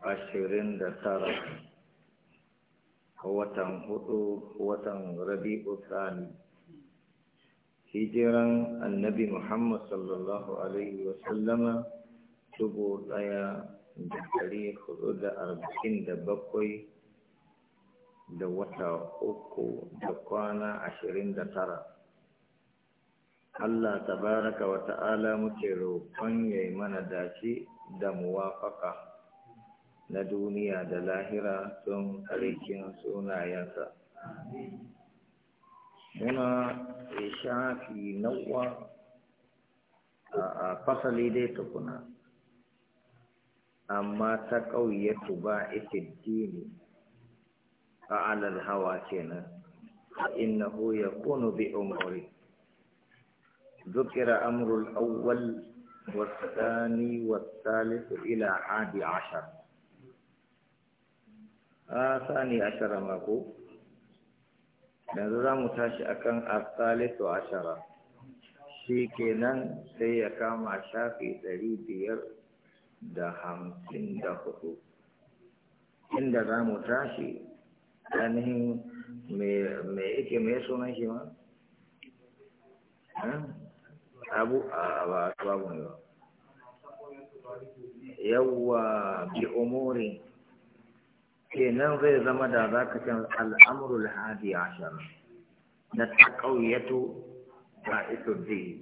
ashirin da tara watan hudu watan rabi'u tsani hijiran annabi muhammad sallallahu alaihi wasallama dubu daya da dari hudu da arba'in da bakwai da wata uku da kwana ashirin da tara Allah tabaraka wa ta'ala muke roƙon ya mana dace da muwafaƙa na duniya da lahira don tsarikin sunayensa. Muna shafi nawa a fasali dai tukuna, amma ta ƙauye ba ita dini a alal hawa kenan, innahu ya kunu bi umari. ذكر أمر الأول والثاني والثالث إلى عاد عشر a sani ashara mako yanzu za mu tashi akan asalisu ashara shi kenan sai ya kama shafi ɗari biyar da hamsin da hudu inda za mu tashi ainihin me yake mai sunan shi ma eh? abu a ba yawwa bi umurin nan zai zama da za ka can al'amurul hadi ashar na ta ƙauyato ba ito zai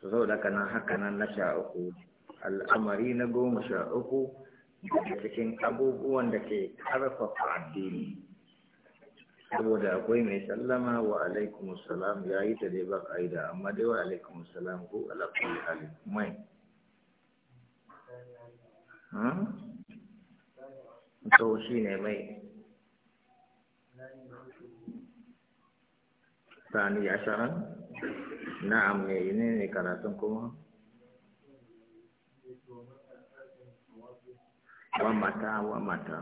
su zau da kanan haka nan na sha uku al'amari na goma sha uku daga cikin abubuwan da ke ƙarfafa addini saboda akwai mai sallama wa alaikum salam ya yi ta dai ba ka'ida amma dai wa alaikum salam ko alaƙul halin mai hmm? to shi ne mai sani ya sharan na ne ne ne karatun kuma wa mata wa mata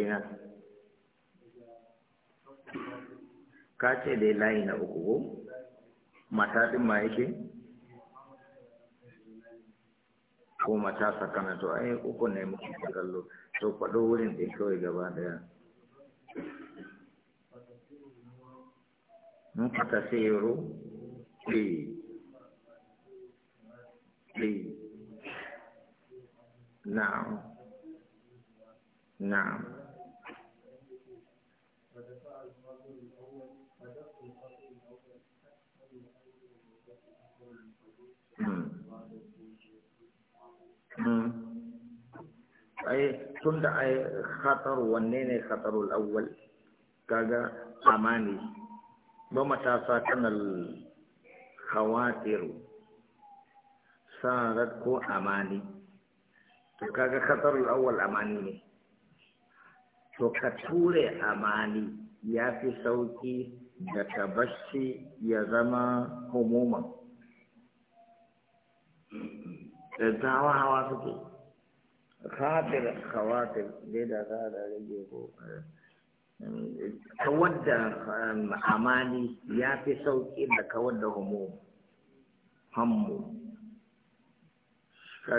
ina ka ce dai layi na uku ko mata din ma yake ko mata sakana to ai uku ne muke kallo to faɗo wurin kawai gaba daya mun sayaro na'am na'am Hmm. hmm. ai tunda a ai khatar wanne ne khatarul awwal kaga amani ba matasa kanal khawatiru sarat ko amani to kaga khatarul awwal amani ne to ka ture amani ya fi sauki da tabashi ya zama humuman da hawa suke khatir khawatir dai da za a rage da amali ya fi sauƙi da ka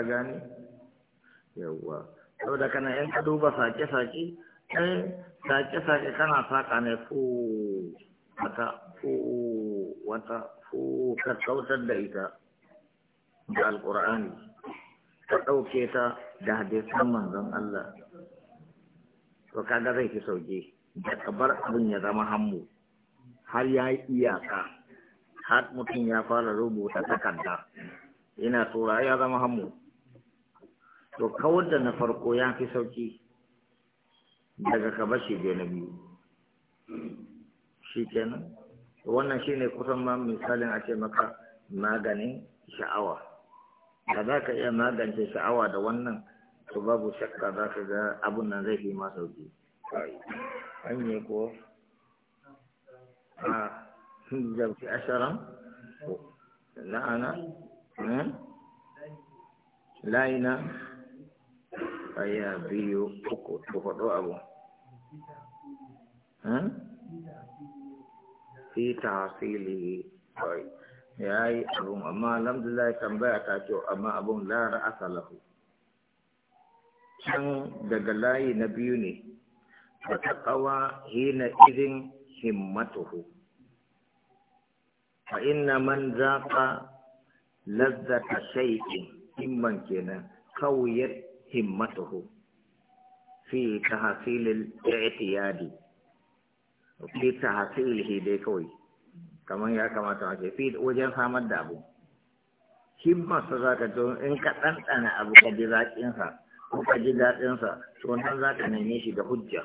gani yawwa saboda kana yan ka duba sake-sake ɗan sake kana saƙa ne ko wata ko ka kautar da ita alƙur'ani ka ɗauke ta da hadisan manzon Allah to kaga zai ki sauke da kabar abin ya zama hammu har ya yi iyaka har mutum ya fara rubuta takarda yana tura ya zama hammu to kawar da na farko ya fi sauki daga ka bashi da na biyu shi kenan wannan shine kusan ma misalin a ce maka maganin sha'awa da za ka iya magance sha'awa da wannan to babu shakka za ka ga abun nan zai fi ma sauki an yi ko a jamfi asharan la'ana hmm? la'ina aya biyu uku to hudu abu hmm? fi fili ya yi abun amma alhamdulillah tambaya ta ce amma abun lara ra'asa can daga layi na biyu ne ta taƙawa hina izin himmatuhu fa inna man zaqa lazzata shay'in himman kenan kawiyar himmatuhu fi tahsilil i'tiyadi fi tahsilihi dai kawai kamar ya kamata a ce fi wajen samar da abu himmarsa za ka in ka ɗanɗana abu ka ji zaƙinsa kuka ji daɗinsa to nan za ka neme shi da hujja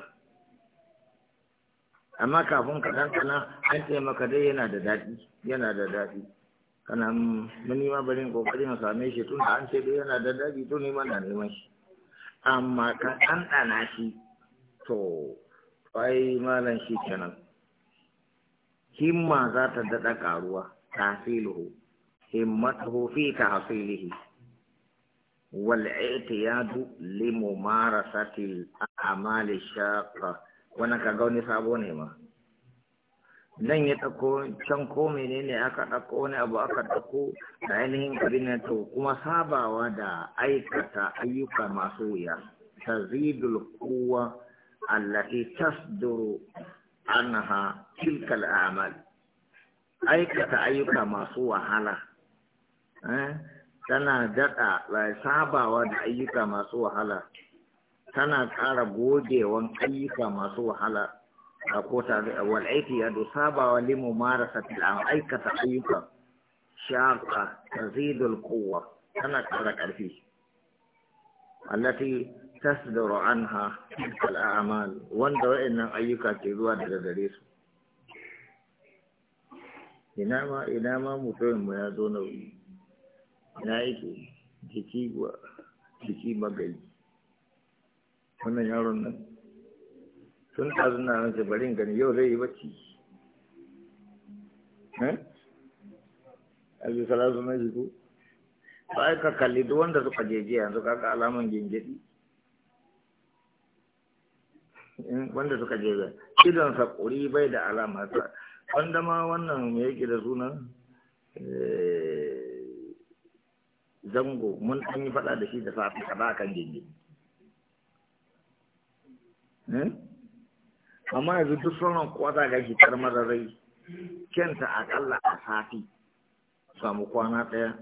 amma kafin ka kana an ce maka dai yana da daɗi yana da daɗi kana muni ma barin kokari na same shi tun da an ce dai yana da daɗi to ni ma na neman shi amma ka ɗana shi to ai malam shi kenan himma za ta daɗa ƙaruwa tasiluhu himmatuhu fi tahsilihi والعتياد لممارسة الأعمال الشاقة wannan kaga wani sabo ne ma nan ya ɗauko can ko menene aka ɗauko wani abu aka ɗauko da ainihin abin to kuma sabawa da aikata ayyuka masu wuya ta tazidul quwwa allati tasduru anha tilkal a'mal aikata ayyuka masu wahala eh tana daɗa sabawa da ayyuka masu wahala tana ƙara gogewan ayyuka masu wahala a kota wal aiki ya sabawa limu mara sati an aikata ayyuka shaƙa zidul kowa tana ƙara ƙarfi allati da anha ha al'amal wanda wa'annan ayyuka ke zuwa daga gare su ina ma ina ma mutumin mu ya zo nauyi ina yake jiki wa jiki magari wannan yaron nan sun tazu na ransa barin gani yau zai yi bacci eh? albi salatu na jiku ba ka kalli duk wanda suka jeje yanzu ga alaman gingiri wanda suka jeje idon sa kuri bai da alama ta wanda ma wannan me yake da sunan eh zango mun an yi faɗa da shi da safi a ba kan gindi hmm? amma yanzu duk sauran kowa za ga shi karmararai kyanta aƙalla a safi samu kwana ɗaya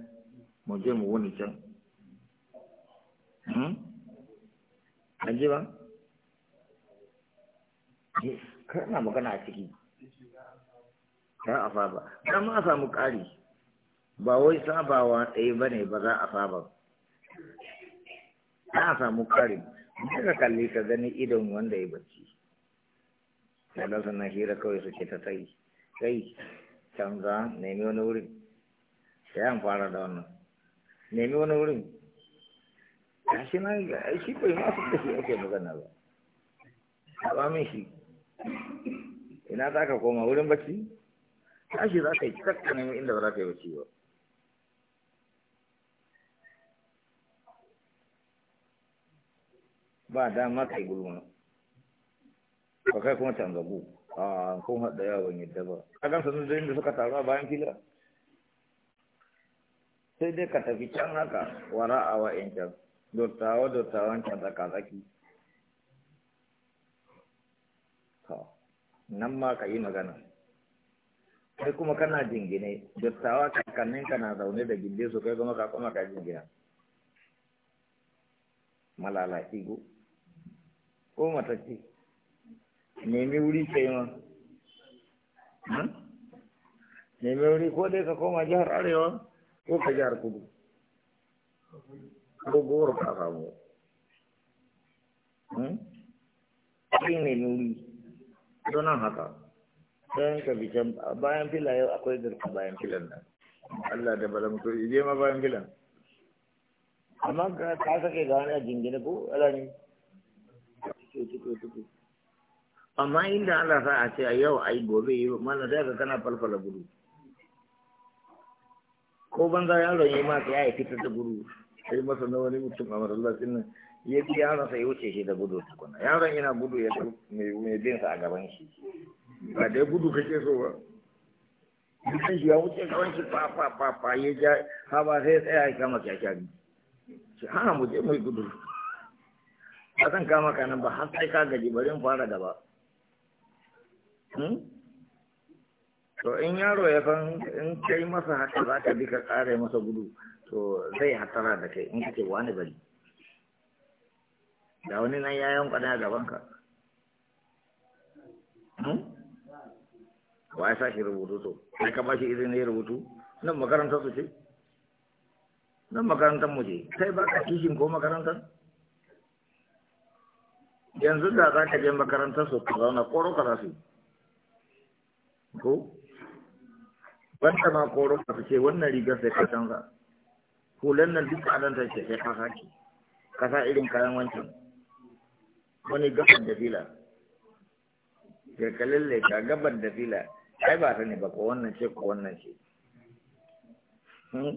mu je mu wuni can hmm? an ji ba kana magana a ciki ta a faɗa, ba dama a samu ƙari ba wai sabawa ɗaya ba ne ba za a saba za a samu karin daga kalli ka gani idon wanda ya bacci daga sannan hira kawai suke ta tsayi kai canza nemi wani wurin sai an fara da wannan nemi wani wurin ya shi na yi ga shi bai masu da shi ake magana ba a min shi ina za ka koma wurin bacci shi za ka yi cikakka nemi inda ba za ka yi bacci ba ba dama kai gulma ba kai kuma tangabu a kun haɗa yawon yadda ba a gan sanin da suka taru a bayan fila sai dai ka tafi can haka wara a wa'in can dottawa dottawan can tsakatsaki nan ma ka yi magana kai kuma kana jingine dottawa kakannin kana zaune da ginde su kai kuma ka kuma ka jingina malala igu ko matacce nemi wuri kai ma hmm? nemi wuri ko dai ka koma jihar arewa ko ka jihar kudu ko goro ka samu kai hmm? nemi wuri don nan haka bayan ka bikin bayan fila yau akwai girka bayan filan nan Allah da bala mutu ije ma bayan filan amma ka sake ga wani a jingine ko alani amma inda Allah sa a ce a yau ai gobe yi mana sai ka kana falfala gudu ko banza yaron yi ma sai ya fitar da gudu sai masa na wani mutum a masallacin nan ya ji yaron sai wuce shi da gudu tukuna yaron yana gudu ya ga mai bin sa a gaban shi ba dai gudu kake so ba mutum shi ya wuce gaban shi fa fa fa fa ya ja ha ba sai tsaya ya kama kyakkyari ha mu je mai gudu ba zan kama ka nan ba har sai ka gaji bari in fara gaba hmm? to in yaro ya san in kai masa haka za ka bi ka kare masa gudu to zai hatara da kai in kake wani bari da wani nan ya yanka na gaban ka hmm? wa ya sa shi rubutu to sai ka ba shi izini ya rubutu nan makarantar su ce nan makarantar mu ce sai ba ka kishin ko makarantar yanzu da za ka je makarantar su ka zauna koro ka za su ko wanda ma koro ka su ce wannan rigar sai ka canza hulan nan duk anan ta ce sai ka sake ka sa irin kayan wancan wani gaban da fila sai ka lalle ka gaban da fila ai ba ta ne ba ko wannan ce ko wannan ce hmm?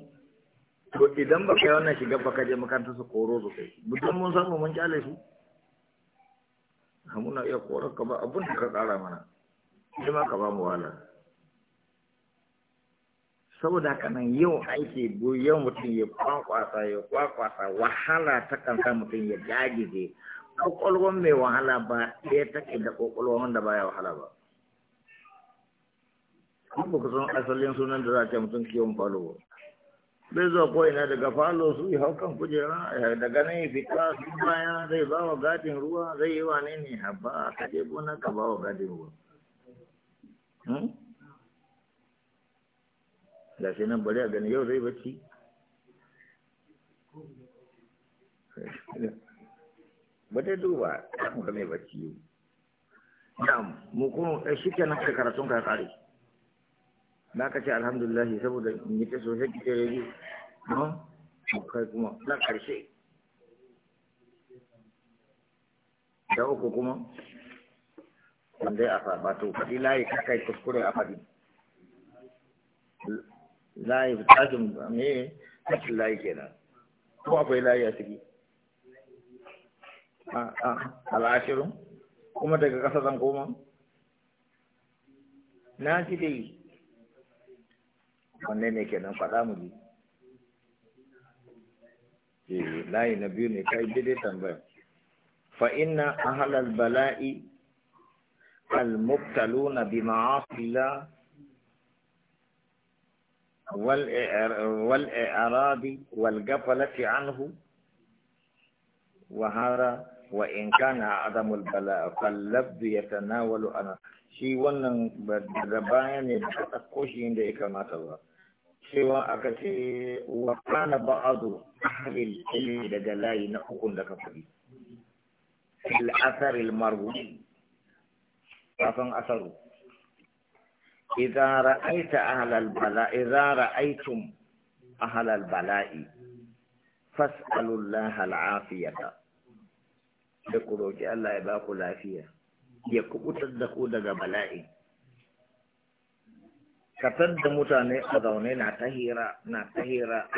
to idan ba kai wannan shiga ba ka je makarantar su koro su kai mutum mun samu mun kyale su Hamuna iya korar ka ba abun da ka tsara mana sai ma ka ba mu wahala saboda haka nan yau aiki yau mutum ya kwakwasa ya kwakwasa wahala ta kansa mutum ya dagize kwakwalwan mai wahala ba ɗaya take da kwakwalwan wanda baya wahala ba kuma ku san asalin sunan da za a mutum kiwon falo bai zuwa ko ina daga falo su yi haukan kujera eh, daga nan yi fita su baya zai ba wa gadin ruwa zai yi wa ne ne haba ka je gona ka ba wa gadin ruwa da hmm? shi nan bari a gani yau zai bacci ba dai duba ga mai bacci yau mu kuma eh, shi nan shekaratun ka kare na kace alhamdulillah saboda in yi ta sosai kike rage no kai kuma na karshe da uku kuma wanda a ba to faɗi layi ka kai kuskure a faɗi layi jin me tashin layi kenan ko akwai layi a ciki al'ashirin kuma daga kasa zan koma na ji dai wanne ne kenan faɗa mu ji layi na biyu ne kai daidai tambayar fa inna ahlal bala'i المبتلون بمعاصي الله والإعراض والغفلة عنه وهذا وإن كان عدم البلاء فاللفظ يتناول أنا شي ونن بدبايا ne da ta koshi inda ya kamata ba cewa aka ce wa kana ba'adu ahlil ilmi daga layi na hukun da ka fadi fil asar al marwi kafan asaru idza ra'aita al bala'i idza ra'aytum al bala'i fas'alullaha al afiyata da ku roki Allah ya ba ku lafiya ya kubutar da ku daga bala'i katar da mutane a zaune na ta hira na ta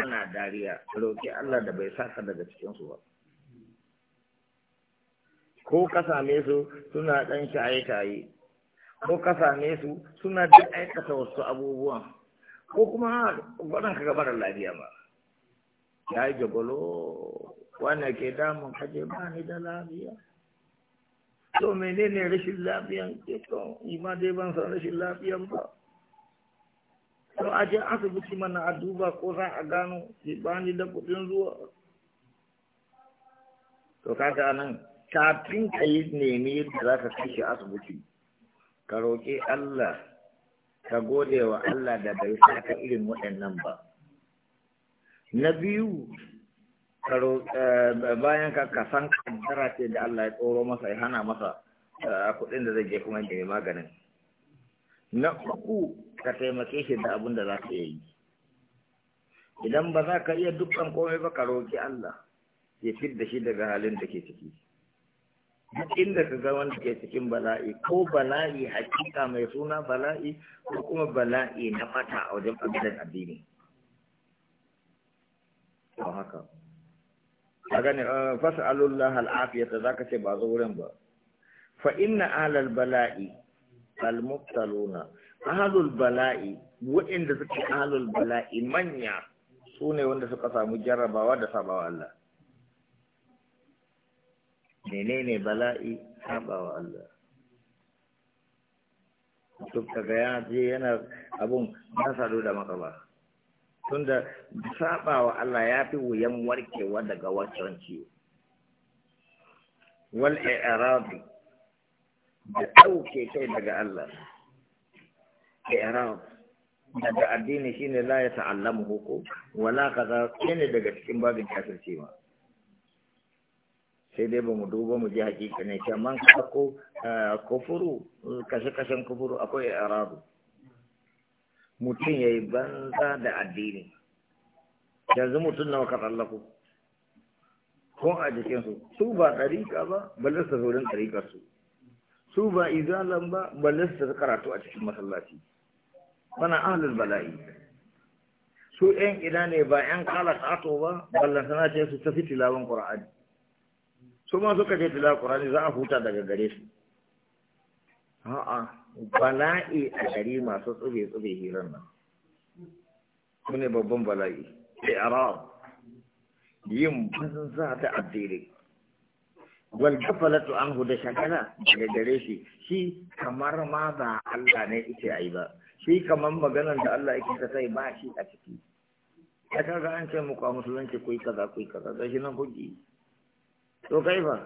ana dariya roƙi Allah da bai saka daga cikin su ba ko ka same su suna ɗan shaye-shaye ko ka same su suna da aikata wasu abubuwan ko kuma gwadon ka gabar lafiya ba ya yi jagolo wanda ke damun kaje ba ni da lafiya to menene rashin lafiyan ke eh, to ima dai ban san rashin lafiyan ba to a je asibiti mana a duba ko za a gano ki bani da kudin zuwa to kaga nan kafin ka yi nemi yadda za ka kashe asibiti ka roƙi Allah ka gode wa Allah da bai saka irin waɗannan ba na biyu eh, bayan ka ka san kaddara ce da Allah ya tsoro masa ya hana masa eh, kuɗin da zai je kuma ya maganin na uku ka taimake shi da abin da za ka yi idan ba za ka iya dukkan komai ba ka roƙi Allah ya fit da shi daga halin da ke ciki duk inda ka ga wanda ke cikin bala'i ko bala'i hakika mai suna bala'i ko kuma bala'i na fata a wajen ɓangaren addini ba haka a gani ah, fasa'alullah al'afiyata za ka ce ba zo wurin ba fa inna alal bala'i al muftaluna ahlul bala'i wanda suke ahlul bala'i manya sune wanda suka samu jarabawa da sabawa Allah menene bala'i sabawa Allah to kaga ya je yana abun ya sadu da makaba tunda sabawa Allah ya fi wuyan warkewa daga wancan ciwo wal i'rabi da ɗauke kai daga Allah i'rab daga addini shine la ya ta'allamu hukum wala kaza ne daga cikin babin kafircewa sai dai ba mu duba mu ji hakika ne ke man ko kufuru kashe-kashen kufuru akwai i'rab mutum ya yi banza da addini yanzu mutum nawa ka tsallaku ko a jikinsu su ba ɗarika ba balle su saurin ɗarikarsu su ba izalan ba balle su karatu a cikin masallaci wannan ahlul bala'i su ɗan ina ne ba ƴan kala kato ba ballan sana ce su tafi tilawan qur'ani su ma suka je tilawan qur'ani za a huta daga gare su a'a bala'i a gari masu tsube tsube hiran nan su ne babban bala'i sai arab yin za ta addini wal kafalatu anhu da shagala daga gare shi shi kamar ma ba Allah ne yake ai ba shi kamar maganar da Allah yake ta sai ba shi a ciki ya kaga an ce muku a musulunci kuyi kaza kuyi kaza da shi nan kuji to kai fa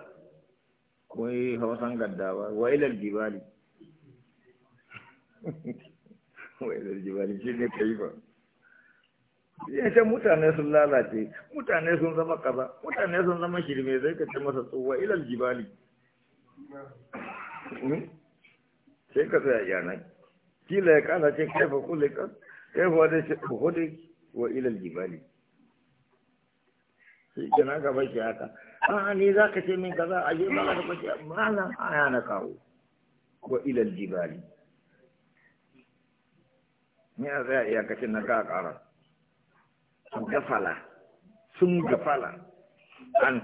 kuyi hausan gaddawa wa ilal jibali wa ilal jibali shi ne kai fa ita mutane sun lalace mutane sun zama kaza mutane sun zama shirme zai ka ce masa tsuwa ilal jibali hmm? sai ka tsaya yanan kila ya kasa ce kaifa kulika kaifa da shi hudu wa ilal jibali ka na gaba shi haka a ni za ka ce min kaza a je ba ka bashi malam aya na kawo wa ilal jibali ni a tsaya iyakacin na ka kara gafala sun gafala an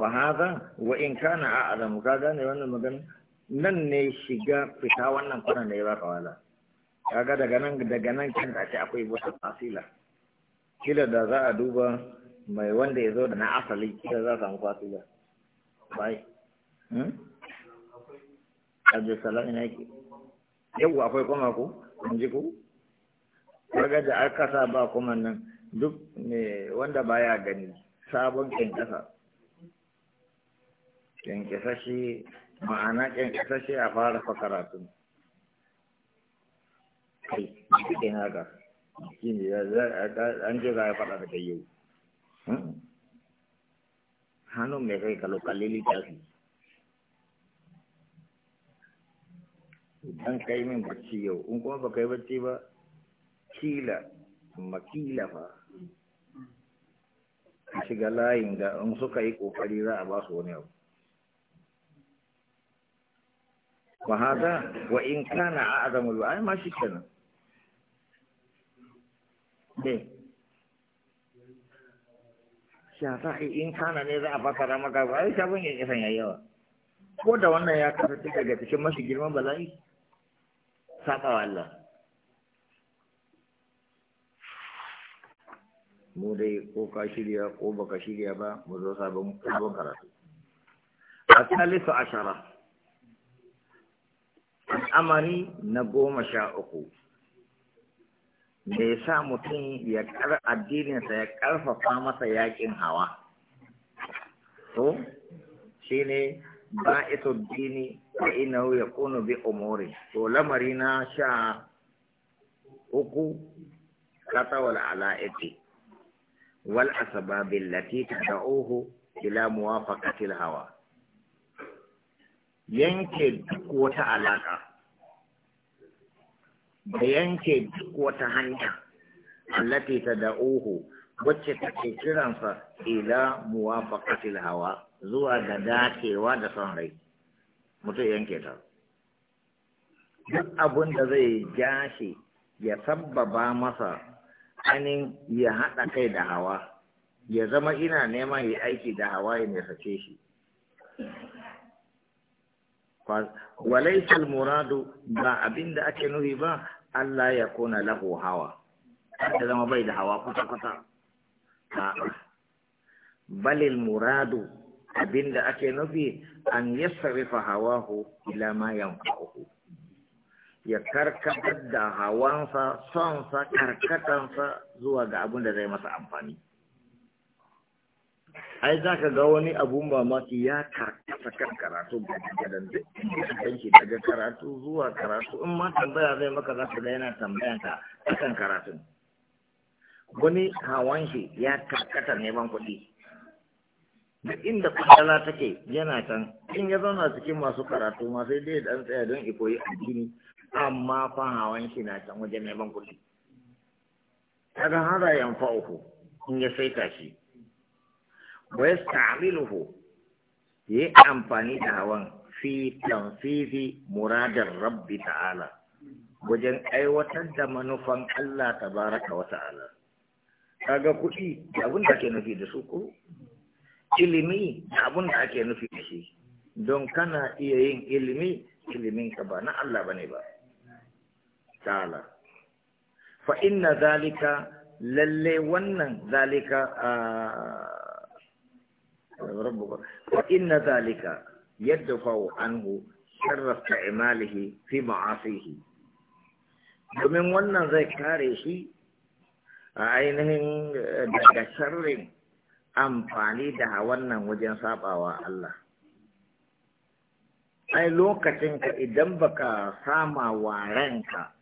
ba haza wa in kana a adamu ka gane wannan magana nan ne shiga fita wannan kwanan da ya baka wala kaga daga nan daga nan kan da ce akwai wata fasila kila da za a duba mai wanda ya zo da na asali kila za samu fasila bai hmm? abdulsalam ina yake yau akwai kuma ku? in ji ku kaga da aka sa ba kuma nan duk ne wanda baya gani sabon kyankyasa kyankyasashe ma'ana kyankyasashe a fara fa karatu kai cikin haka shi ne an ce za a faɗa da kai yau hmm. hannun mai kai kalo kalli littafi idan kai min bacci yau in kuma ba kai bacci ba kila makila fa shiga layin da in suka yi kokari za a ba su wani abu wa hada wa in kana a'zamul ai ma shi kenan dai shafa in kana ne za a fasara maka ba ai shafin ya kisan yayi yawa ko da wannan ya kasance daga cikin masu girman bala'i saƙawa Allah mu dai ko ka shirya ko baka shirya ba mu zo sabon sabon karatu ashara al'amari na goma sha uku. me sa mutum ya kar addininsa ya karfafa masa yakin hawa to shine ne ba ito dini ina ya kunu bi umuri to lamari na sha uku kata wal ala'iti wal asbab allati tad'uhu ila muwafaqati hawa yanke duk wata alaka da yanke duk wata hanya allati tad'uhu wacce take kiransa ila muwafaqati hawa zuwa ga dacewa da son rai mutum yanke ta duk abin da zai ja shi ya sababa masa anin ya haɗa kai da hawa ya zama ina neman yi aiki da hawa ya nesace shi walaisal muradu ba abin da ake nuhi ba Allah ya kona lahu hawa ya zama bai da hawa kusa-kusa balil muradu abin da ake nufi an yasarifa hawahu ila ma yankuku. ya karkatar da hawansa sonsa karkatansa zuwa ga abin da zai masa amfani ai za ka ga wani abun mamaki ya karkata kan karatu gadan duk kan shi daga karatu zuwa karatu in ma tambaya zai maka za ka ga yana tambayan ka akan karatun wani hawan shi ya karkata neman kuɗi duk inda kudala take yana can in ya zauna cikin masu karatu ma sai dai dan tsaya don ikoyi addini amma fa hawan shi na can wajen neman kuɗi kaga hada fa'uhu in ya saita shi wa yasta'miluhu yi amfani da hawan fi tanfizi muradar rabbi ta'ala wajen aiwatar da manufan Allah ta baraka wa ta'ala kaga kuɗi da abin da ake nufi da su ko ilimi da abin da ake nufi da shi don kana iya yin ilimi ilimin ka ba na Allah bane ba ta'ala fa inna zalika lalle wannan zalika fa inna zalika yadfa'u anhu sharra ta'malihi fi ma'asihi domin wannan zai kare shi a ainihin daga sharrin amfani da wannan wajen sabawa Allah ai lokacin ka idan baka sama wa ranka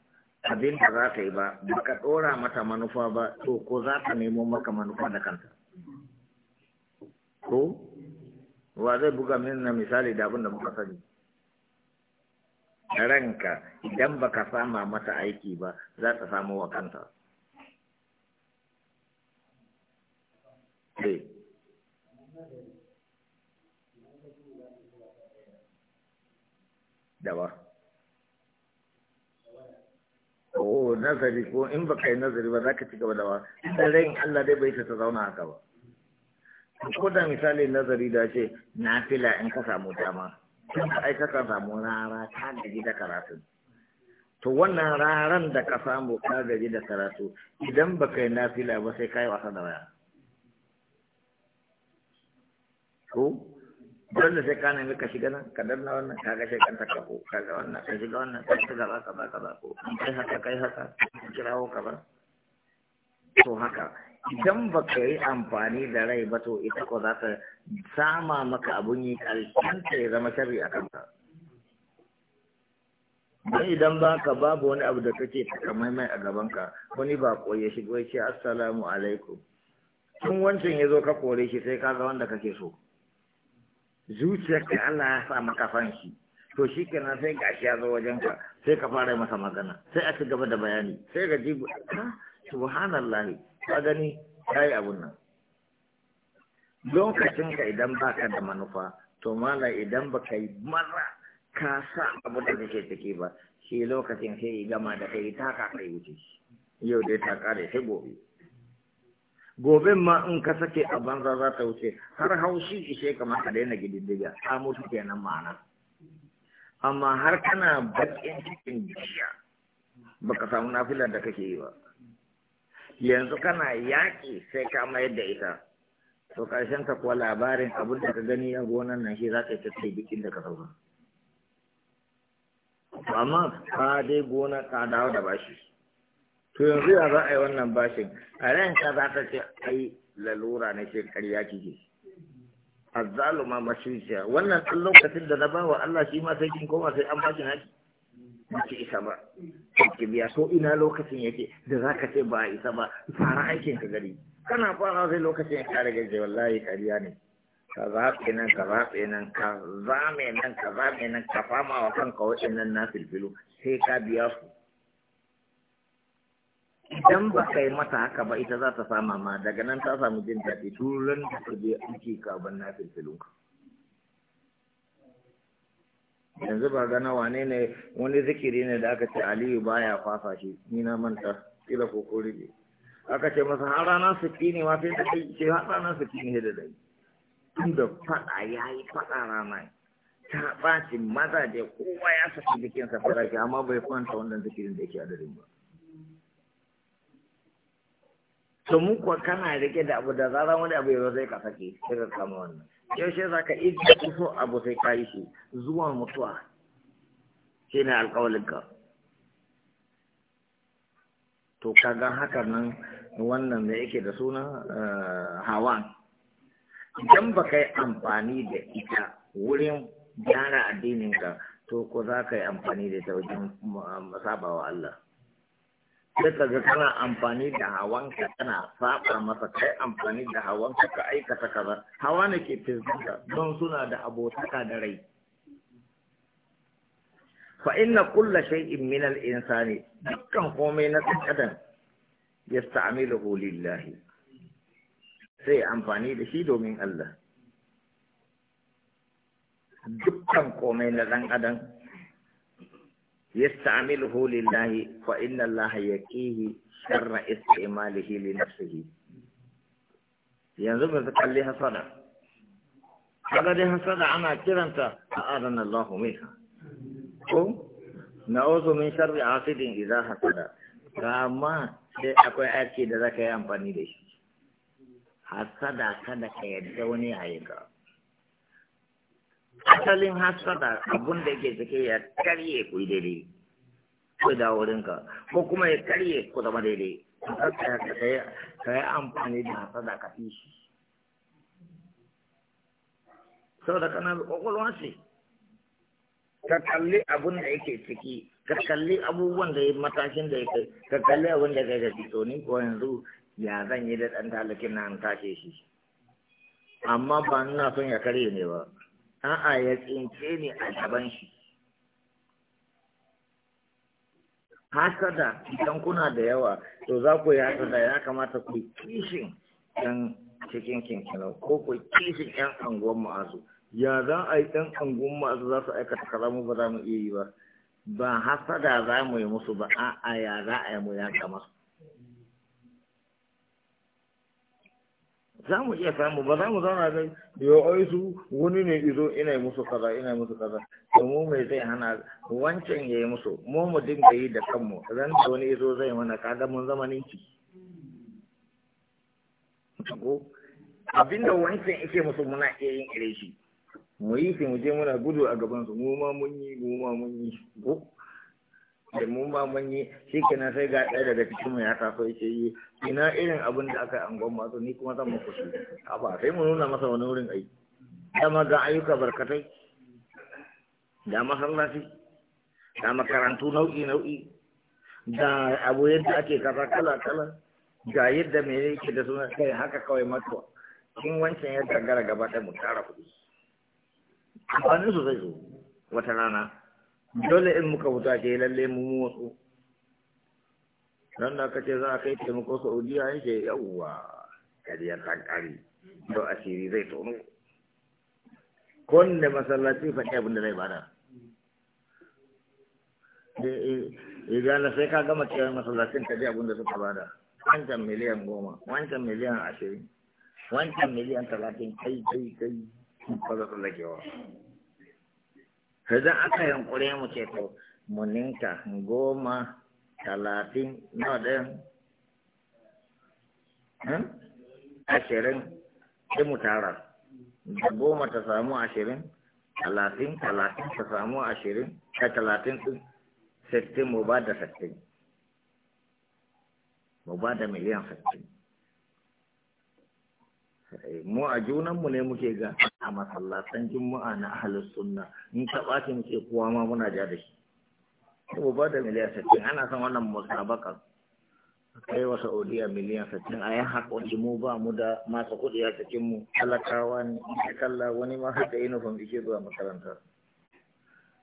abin da za ta yi ba baka ɗora mata manufa ba to ko za ta nemo maka manufa da kanta ko wa zai buga min na misali da abin da muka sani ranka idan baka sama mata aiki ba za ta samu wa kanta eh. Dawa. nazari ko in baka yi nazari ba za ka ci gaba da wa da rain Allah dai bai ta zauna haka ba ko da misali nazari da ce na fila in ka samu dama tun ka aika ka samu rara ta gaji da karatu to wannan raran da ka samu ka gaji da karatu idan baka yi na fila ba sai ka yi wasa da waya ko da sai ka nemi ka shiga nan ka danna wannan ka ga sai ka ta kafo ka ga wannan ka shiga wannan ka shiga ba ka ba ka ba ko kai haka kai haka ho ka ba to haka idan ba ka yi amfani da rai ba to ita ko za ta sama maka abun yi ƙarshen ta ya zama shari a kanka don idan ba ka babu wani abu da kake takamaimai a gabanka wani bako ya shigo ya ce assalamu alaikum tun wancan ya zo ka kore shi sai ka ga wanda kake so zuciyarka Allah ya sa maka fanshi to shi kenan sai gashi ya zo wajen ka sai ka fara masa magana sai a ci gaba da bayani sai ga jibu ah, subhanallah ka gani kai abun nan lokacin ka idan baka da manufa to mala idan baka yi mara ka sa abu da kake take ba shi lokacin sai ya gama da kai ta ka kai wuce yau dai ta kare sai gobe gobe ma in ka sake a banza za ta wuce har haushi ishe kamar a daina gididdiga ta mutu kenan ma'ana amma har kana bakin cikin ba ka samu nafilar da kake yi ba yanzu kana yaƙi sai ka mayar da ita to ƙarshen ta kuwa labarin abin da ka gani a gonan nan shi za ka yi tattali bikin da ka sauka amma ka dai gona ka dawo da bashi to yanzu ya za a yi wannan bashin a ranka za ta ce ai lalura na ce karya kike azzaluma mashuciya wannan ɗan lokacin da na ba wa Allah shi ma sai kin koma sai an bashi na ki isa ba ki biya so ina lokacin yake da za ka ce ba a isa ba fara aikin ka gari kana fara sai lokacin ya kare gaje wallahi karya ne ka zaɓe nan ka zaɓe nan ka zame nan ka zame nan ka fama wa kanka nan na filfilo sai ka biya su idan ba kai mata haka ba ita za ta sama ma daga nan ta samu jin daɗi turan da ta je aiki ka ban na ka yanzu ba ga wane ne wani zikiri ne da aka ce aliyu baya fasa shi ni na manta kila ko ko rige aka ce masa har rana siki ne ma sai da ce ce har rana siki ne da dai tun da faɗa ya yi faɗa rana ta ɓaci maza da kowa ya saki jikinsa farashi amma bai kwanta wannan zikirin da yake adadin ba to mu kuwa kana rike da abu da zaran wani abu yau zai ka sake sai kama wannan yaushe za ka iya kuso abu sai ka yi shi zuwa mutuwa shi ne ka? to ga haka nan wannan da yake da suna eh, hawa idan ba ka yi amfani da ita wurin gyara addininka to ko za ka yi amfani da ita wajen masabawa mm, Allah sai ka ga kana amfani da hawanka kana saɓa masa kai amfani da hawanka ka aikata kaza hawa ne ke fizinka don suna da abotaka da rai fa inna kulla shay'in min al-insani dukkan komai na adam yasta'miluhu lillahi sai amfani da shi domin Allah dukkan komai na ɗan adam ya isticma Alayyuhu wa ina Laha ya kai shara ya yanzu baza ka calli hasada. ba za ana kiranta a adana lahu meka. na ozo min sharre asidin idan hasada. ra ma sai akwai aiki da zaka iya amfani da shi. hasada kada ka duka wani ya haifa. asalin hasada abun da yake cike ya karye ku daidai ku da wurinka ko kuma ya karye ku zama daidai ka yi amfani da hasada ka fi shi saboda kana da kwakwalwa ce ka kalli abun da yake ciki ka kalli abubuwan da ya matakin da ya kai ka kalli abun da kai ga ni ko yanzu ya zan yi da ɗan talakin na an tashe shi amma ba ina son ya karye ne ba a'a ya tsince ni a gaban shi hasada idan kuna da yawa to za ku yi hasada ya kamata ku kishin ɗan cikin kinkinau ko ku kishin yan anguwan ma'azu ya za a yi ɗan anguwan ma'azu za su aikata kalamu ba za mu iya yi ba ba hasada za mu yi musu ba a'a ya za a yi mu ya masu za mu iya samu ba za mu zauna da yawai su wani ne izo ina yi musu kaza ina yi musu kaza to mu mai zai hana wancan ya yi musu mu mu dinga yi da kanmu zan da wani izo zai mana kaga mun zama ninki abinda wancan yake musu muna iya yin ire shi mu yi shi mu je muna gudu a gaban su mu ma mun yi mu ma mun yi ko da mu ba mun yi kenan sai ga ɗaya daga cikin mu ya taso yace yi ina irin abin da aka yi angon masu ni kuma zan muku shi Haba, sai mu nuna masa wani wurin aiki dama ga ayyuka barkatai da masallaci da makarantu nau'i nau'i da abu yadda ake kaza kala kala ga yadda me yake da suna kai haka kawai matuwa kin wancan ya dangara gaba ɗaya mu tara kuɗi amfanin su zai zo wata rana dole in muka wuta ke lalle mu motsu nan da kace za a kai taimako saudiya yake yawwa kariyar hankali to asiri zai tono kowanne masallaci faɗi abin da zai bada igana eh, eh, eh, sai ka gama cewa masallacin ka ji abin da suka bada wancan miliyan goma wancan miliyan ashirin wancan miliyan talatin kai kai kai ba za su lagewa idan aka yankure mu ce to mu ninka goma talatin nawa ɗaya hmm? ashirin sai mu tara da goma ta samu ashirin talatin talatin ta samu ashirin ta talatin ɗin sittin mu ba da sittin mu ba da miliyan sittin Eh, mu a junanmu ne muke ga a masallatan juma'a na ahalus sunna in ta ɓaci muke kowa ma muna ja da shi ko ba da miliyan sittin ana son wannan musabaka kai wa saudiya miliyan sittin a yi haƙoƙi mu ba mu da masu kuɗi a cikin mu talakawa ne kalla wani ma haka uniform ike zuwa makarantar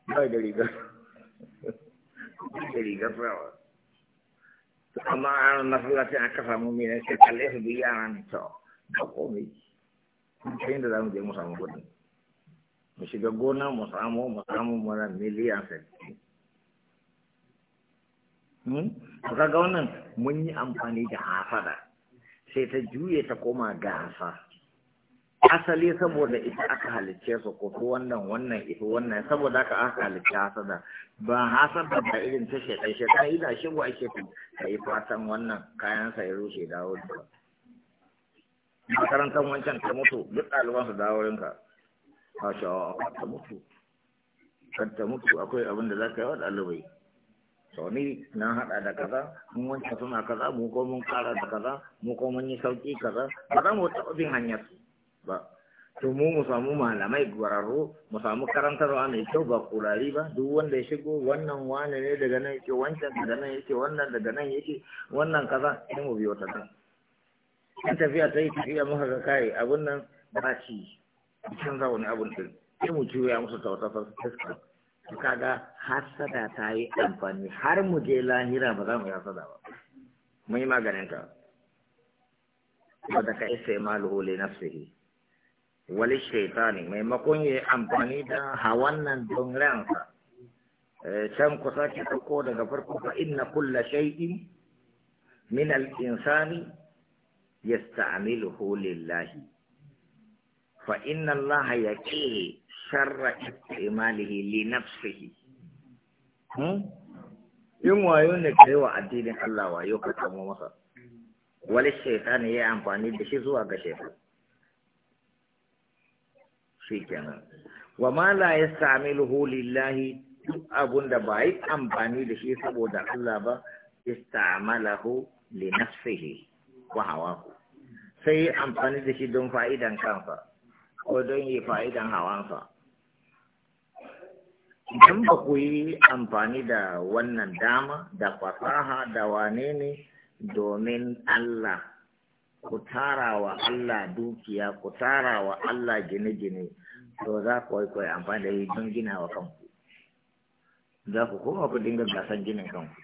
ba da rigar da rigar rawa amma an masallacin mu samu miliyan kalle su biya yaran ta. da komai ta da za mu je mu samu kuɗi mu shiga gona mu samu mu samu mana miliyan sittin hmm? to kaga wannan mun yi amfani da hasada sai ta juye ta koma gasa asali saboda ita aka halicce su ko wannan wannan ita wannan saboda aka aka halicce hasada ba hasada ba irin ta shekai shekai ina shi wa ake ta yi fatan wannan kayan sa ya rushe dawo da makarantar wancan ta mutu duk ɗaliban su dawo rinka a shawa ta mutu kan ta mutu akwai abin da za ka yi wa ɗalibai sau ni na haɗa da kaza mun wancan suna kaza mu ko mun ƙara da kaza mu ko mun yi sauƙi kaza ba za mu taɓa bin hanyar su ba to mu mu samu malamai gwararru mu samu karantarwa mai kyau ba kurari ba duk wanda ya shigo wannan wane ne daga nan yake wancan daga nan yake wannan daga nan yake wannan kaza sai mu biyo ta nan in tafiya ta yi tafiya muka ga kai abun nan ba ci sun zaune abun din sai mu juya musu tautafar fuska kaga hasada ta yi amfani har mu je lahira ba za mu yi hasada ba mun maganin ka wadda ka isa ma maluhu na wali shaitani maimakon ya yi amfani da hawan nan don ransa eh, can kusa sake ɗauko daga farko fa inna kulla shay'in min al-insani يستعمله لله فإن الله يكيه شر استعماله لنفسه yin wayo ne ka yi wa addinin Allah wayo ka kamo masa wani shaitan ya yi amfani da shi zuwa ga shaitan shi kenan wa ma la yasta'miluhu lillahi duk abun da ba yi amfani da shi saboda Allah ba ista'malahu li nafsihi hawa hawahu sai amfani da shi don fa'idan kansa ko don yi fa'idan hawansa idan ba ku yi amfani da wannan dama da fasaha da wane ne domin Allah ku tara wa Allah dukiya ku tara wa Allah gine-gine to za ku yi amfani da yi don gina wa kanku za ku koma ku dinga gasan ginin kanku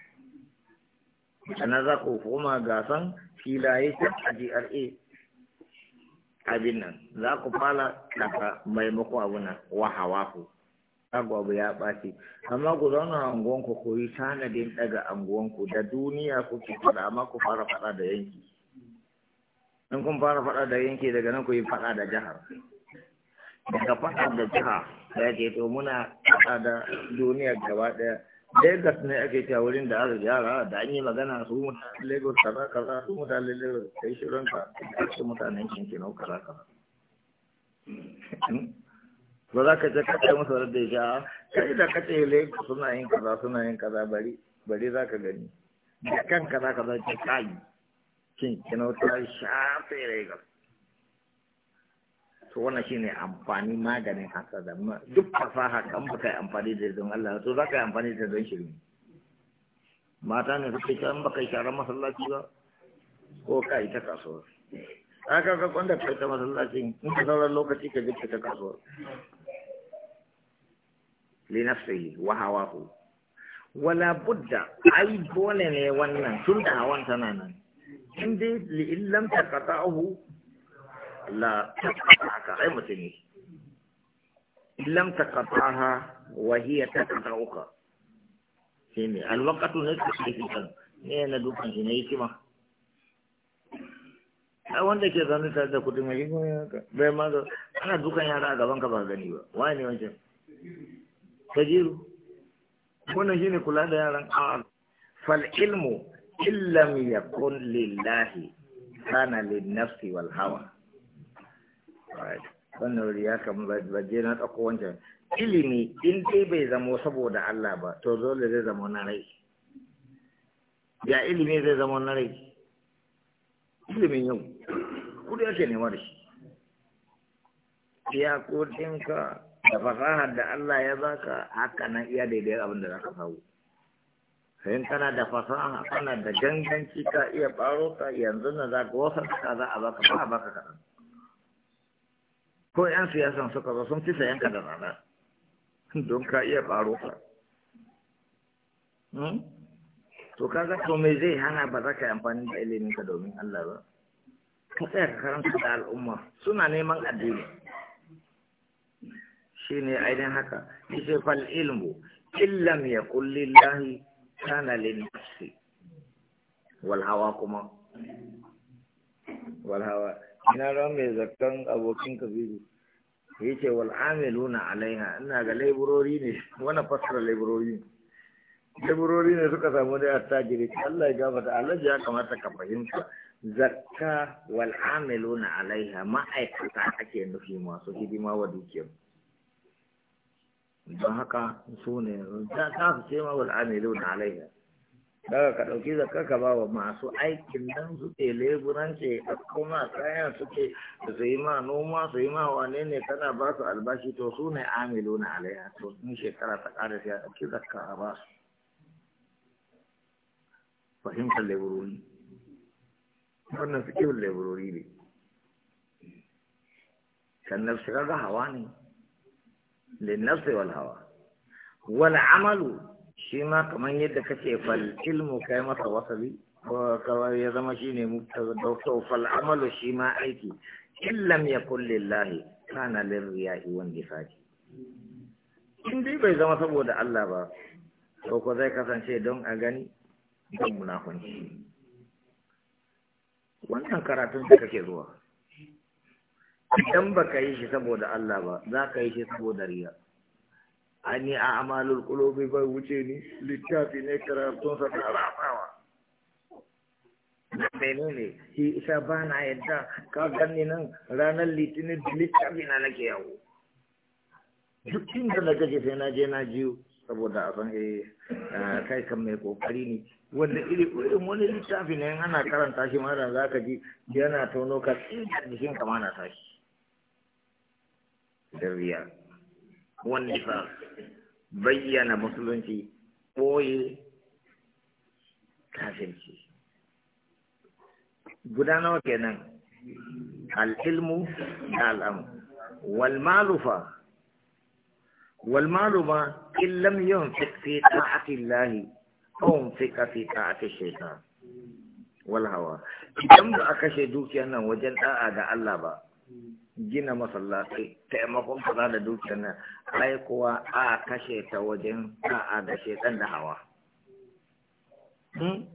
sannan za ku koma gasan filaye a GRA abin nan za ku fara daga maimakon abu nan wahawahu kago abu ya ɓaci amma ku zauna anguwanku ku yi tanadin daga anguwanku da duniya ku ke fada amma ku fara faɗa da yanki in kun fara faɗa da yanki daga nan ku yi faɗa da jihar daga faɗa da jiha da ke to muna faɗa da duniya gaba ɗaya Lagos ne ake cewa wurin da aka gyara da an yi magana su mutanen Lagos kaza kaza su mutanen Lagos kai shirin ka su mutanen Kinkinau kaza kaza. Ba za ka ce ka ce musu da ya kai da ka ce Lagos suna yin kaza suna yin kaza bari bari za ka gani. Da kaza za ka yi kai Kinkinau ta shafe Lagos. to wannan shine amfani maganin hasada duk fasaha kan baka yi amfani da don Allah to zaka yi amfani da don shirme mata ne suke kan baka yi sharan masallaci ba ko ka yi ta kasuwa aka ga kwanda kai ta masallaci in ka sauran lokaci ka jike ta kasuwa li nafsihi wa hawahu wala budda ai dole ne wannan tun hawan tana nan in dai li illam taqata'uhu la taqta'aka ai mutumi illam taqta'aha wa hiya taqta'uka shine alwaqtu ne take fitan ne na dukan shi ne yake ma a wanda ke zaune tare da kudin mai yin haka bai ma ga ana dukan yara a gaban ka ba gani ba Wani ne wancan kajiru wannan shine kula da yaran a fal ilmu illam yakun lillahi kana lin nafsi wal hawa wannan wuri ya kama baje na ɗauko wancan ilimi in dai bai zamo saboda Allah ba to dole zai zamo na rai ya ilimi zai zamo na rai ilimin yau kudi ake nema da shi Ya kudinka da fasahar da Allah ya baka haka nan iya daidai abin da ka samu sai kana da fasaha kana da ganganci ka iya baro ka yanzu na za ka wasa ka za a baka ba a baka kaɗan ko 'yan siyasan suka zo sun fi sayan ka da rana don ka iya ɓaro hmm? ka to ga to me zai hana ba za ka yi amfani da ilimin ka domin Allah ba ka tsaya ka karanta da al'umma suna neman addini shine ainihin haka yace fal ilmu illam kulli lahi kana lin nafsi wal hawa kuma wal ina ran mai zakkan abokin kabiru ya ce wal amiluna alaiha ina ga laiburori ne wani fassara laiburori laiburori ne suka samu da attajiri Allah ya gabata Allah ya kamata ka fahimta zakka wal amiluna alaiha ma'aikata ake nufi masu hidima wa dukiyar don haka su ne ta su ce ma wal amiluna alaiha daga ka ɗauki zakka ka ba wa masu aikin nan suke leburanci a kuma kayan suke su yi ma noma su yi ma wane ne kana ba su albashi to su ne amilu na alaiya to in shekara ta ƙara sai a ɗauki zakka a ba su fahimtar leburori wannan fikir leburori ne kan nafsi kaga hawa ne da nafsi wal hawa wal amalu shi ma kamar yadda kace fal ilmu kai masa wasabi ko kawai ya zama shi ne dauko fal amalu shi ma aiki illam yakul lillahi kana lirriyahi wan nifaqi in dai bai zama saboda Allah ba to ko zai kasance don a gani don munafunci wannan karatun da kake zuwa idan baka yi shi saboda Allah ba za ka yi shi saboda riya Ani a amalul kulobi bai wuce ni littafi ne karatun sa da rafawa mene ne shi isa ba na yadda ka gani nan ranar litinin da littafi na nake yawo duk inda na gaje sai na je na jiyo saboda a san eh kai kan mai kokari ne wanda iri irin wani littafi ne ana karanta shi ma da ka ji yana tono ka tsinka jikin ka na tashi da wanda bayyana musulunci ɓoye kafirci guda nawa kenan al'ilmu da al'amu walmalu fa walmalu ma illam yin fi ta'atillahi kawon fi fi ta'ati shaitan wal hawa idan ba a kashe dukiyar nan wajen ɗa'a ga Allah ba gina masallatai taimakon kaza da dukiyar nan ai a kashe ta wajen a da shedan da hawa hmm?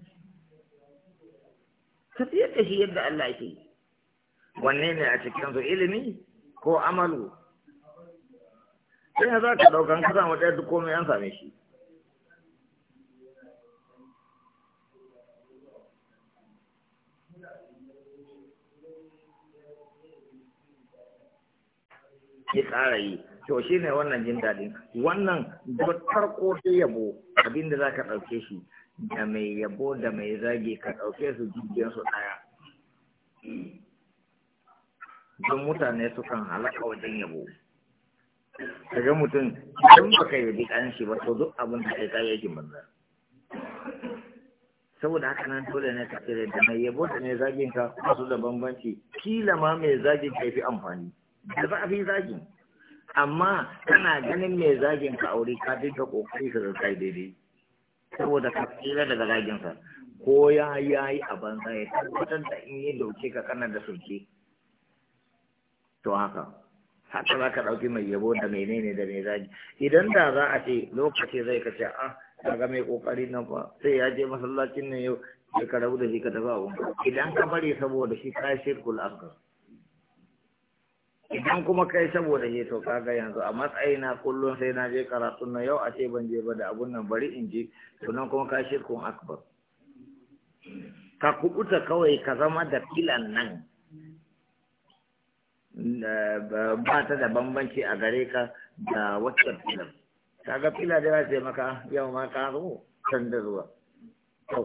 tafiyar da shi yadda Allah ke wanne ne a cikin su ilimi ko amalu sai za ka daukan kasa wajen duk komai an same shi ya ƙara yi to shi ne wannan jin daɗin wannan da ko sai yabo abinda za ka ɗauke shi da mai yabo da mai zage ka ɗauke su jirgin su ɗaya don mutane sukan halaka wajen yabo kaga mutum idan baka yabi ɗan shi ba to duk abin da kai kayi yakin banza saboda haka nan dole ne ka tsere da mai yabo da mai zagin ka ba su da bambanci kila ma mai zagin ka fi amfani da zafi zagi. amma kana ganin mai zagin ka aure ka ta kokari ka zai sai daidai saboda ka tsira daga zaginsa ko ya yayi a banza ya tabbatar da in yi dauke ka kana da soke to haka haka za ka ɗauki mai yabo da menene da mai zagi idan da za a ce lokaci zai kace ce ah, a daga mai kokari nan fa sai ya je masallacin nan yau sai ka rabu da shi ka tafi abun idan ka bari saboda shi ka shirkul asgar idan kuma kai saboda shi to kaga yanzu a na kullum sai na je karatun na yau a ce ban je ba da abun nan bari in je to nan kuma ka shirkun akbar ka kubuta kawai ka zama da filan nan ba ta da bambanci a gare ka da wacce filan kaga fila da ya ce maka yau ma ka zo can da zuwa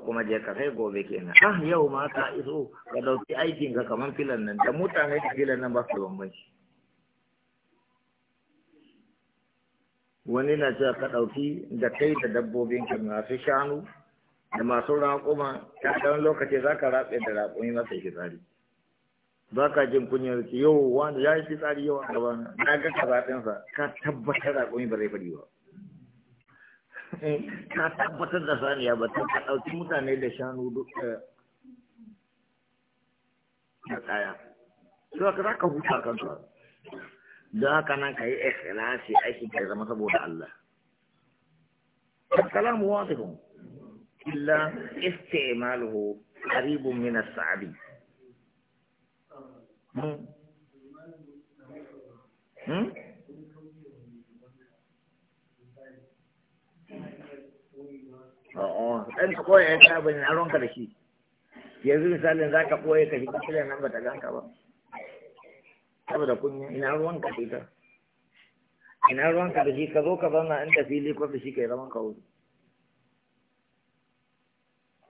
kuma je ka kai gobe kenan ah yau ma ka iso ka dauki aikin ka kamar filan nan da mutane da filan nan ba su bambanci wani na cewa ka ɗauki da kai da dabbobin ka masu shanu da masu raƙuma ta ɗan lokaci za ka raɓe da raƙumi masa fitsari ba ka jin kunyar ki yau wani ya yi fitsari yau a gaba na ga sa ka tabbatar raƙumi ba zai faɗi ba eh, ka tabbatar da saniya ba ta ɗauki mutane da shanu duk eh, da kaya. Sai ka za ka huta kanka. don haka nan ka yi ikhlasi aiki ka zama saboda Allah kalamu wasifun illa istimaluhu qaribun min as-sa'bi hmm A'a, hmm? oh, oh, ɗan ka koya ya ta na ronka da shi, yanzu misalin za ka koya ka shi kusurin nan ba ta ganka ba. saboda kunya ina ruwan ka ina ruwan ka ka zo ka zauna inda fili ko da shi kai zaman ka wuri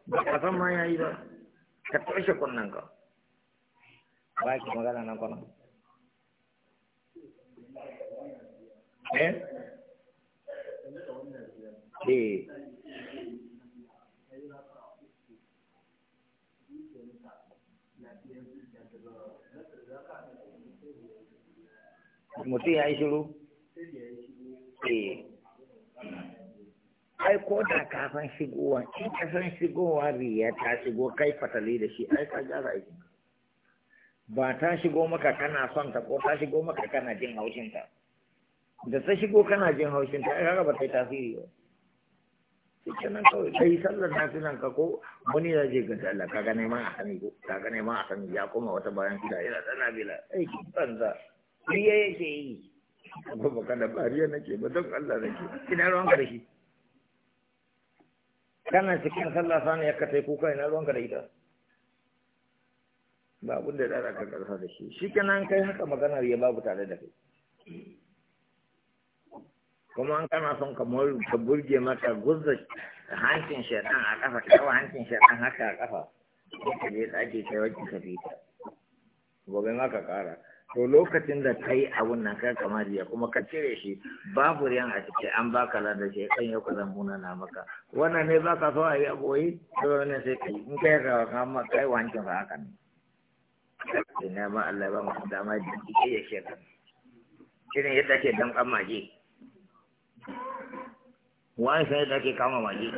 ba ka san ma yayi ba ka toshe kunnan nan kwana Thank eh? you. Eh. mutum ya yi shiru eh ai ko da kafin shigowa in ka san shigowa riya ta shigo kai fatali da shi ai ka gyara aiki. ba ta shigo maka kana son ta ko ta shigo maka kana jin haushin ta da ta shigo kana jin haushin ta ai kaga ba ta yi tasiri ba Sai nan kawai yi sallar nafilan ka ko wani ya je ga Allah kaga neman a sani ko Ka kaga neman a sani ya koma wata bayan gida yana da nabila aiki banza riya yake yi ba ba kada ba nake ba don Allah nake ina ruwan ka da shi kana cikin sallah sani ya katai kuka ina ruwan ka da ita ba abin da dara ka karfa da shi shi kenan kai haka maganar ya babu tare da kai kuma an kana son ka ka burge maka guzza hancin shaitan a kafa ka kawo hancin shaitan haka a kafa ka je tsaki kai wajen ka fita gobe ma ka kara to lokacin da yi abun nan kai kamar ya kuma ka cire shi babu riyan a cikin an baka lada shi kan yau kazan muna na maka wannan ne baka so a yi a boye to wannan sai kai in kai ka kama kai wancan fa haka ne ina ma Allah ba mu dama da kike ya shekar shine yadda ke damkan maje wani sai da ke kama maje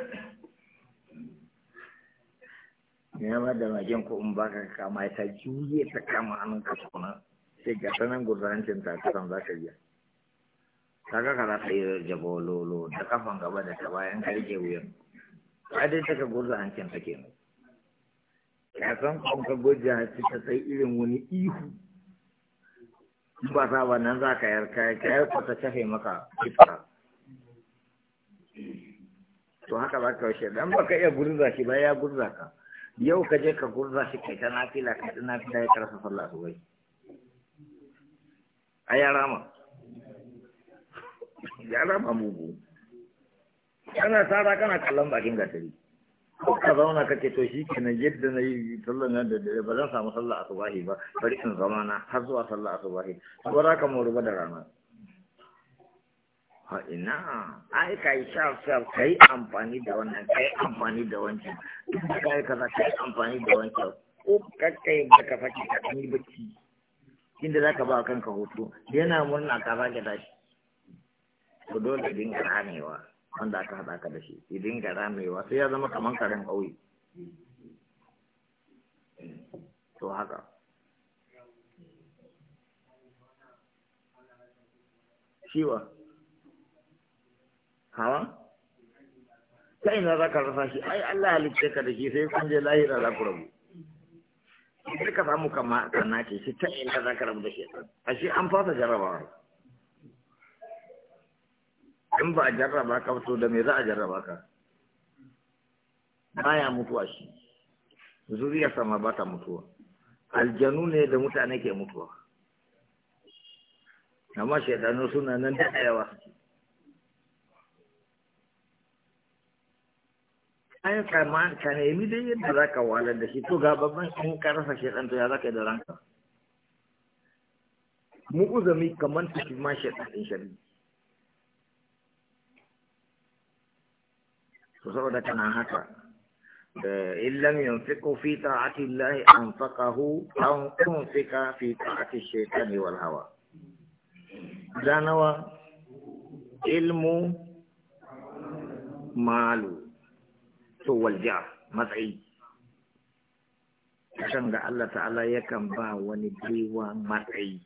ina ma da majen ko in baka kama ta juye ta kama hannun ka tukunan sai ga sanan gurbancin ta kasan za ka yi kaga ka za ka yi jabo lolo da kafan gaba da ta bayan ka rike wuyan ai dai taka gurzancin take kenan ya san kun ka gurja ta sai irin wani ihu in ba sa ba nan za ka kai ka yarka ta tafe maka fitra to haka za ka wuce dan baka iya gurza shi ba ya gurza ka yau ka je ka gurza shi kai ta nafila kai ta nafila ya karfa sallah su wai a ya rama ya rama mugu kana tsara kana kallon bakin gatari ko ka zauna ka ce to shi nan yadda na yi tallan nan da dare ba zan samu sallah asubahi ba bari in zama na har zuwa sallah asubahi ko za ka moruba da rana ha ina ai kai shaf sharp kai amfani da wannan kai amfani da wancan kai kaza kai amfani da wancan ko kai ka faki ka yi bacci inda za ka ba kanka hutu yana murna ka ba da shi to dole dinga ramewa wanda aka haɗa ka da shi ya dinga ramewa sai ya zama kamar karen ƙauye to haka ciwa hawa ta ina za ka rasa shi ai Allah halitta ka da shi sai kun je lahira za ku rabu sai ka samu kama sannan ce shi ta ina za ka rabu da shekaru a shi an fasa jarrabawa in ba a jarraba ka fito da me za a jarraba ka Ba ya mutuwa shi zuriya sama ba ta mutuwa aljanu ne da mutane ke mutuwa amma shaidanu suna nan da yawa suke ai kama ka nemi dai yadda za ka walar da shi to ga babban in ka rasa shaidan to ya za ka yi da ranka mu uzumi kamar ta shi ma shaidan ɗin shari'i to saboda kana haka إن لم ينفقوا في طاعة الله أنفقه أو أنفق في طاعة الشيطان والهوى to walja matsayi kan da Allah ta'ala yakan ba wani gwiwa matsayi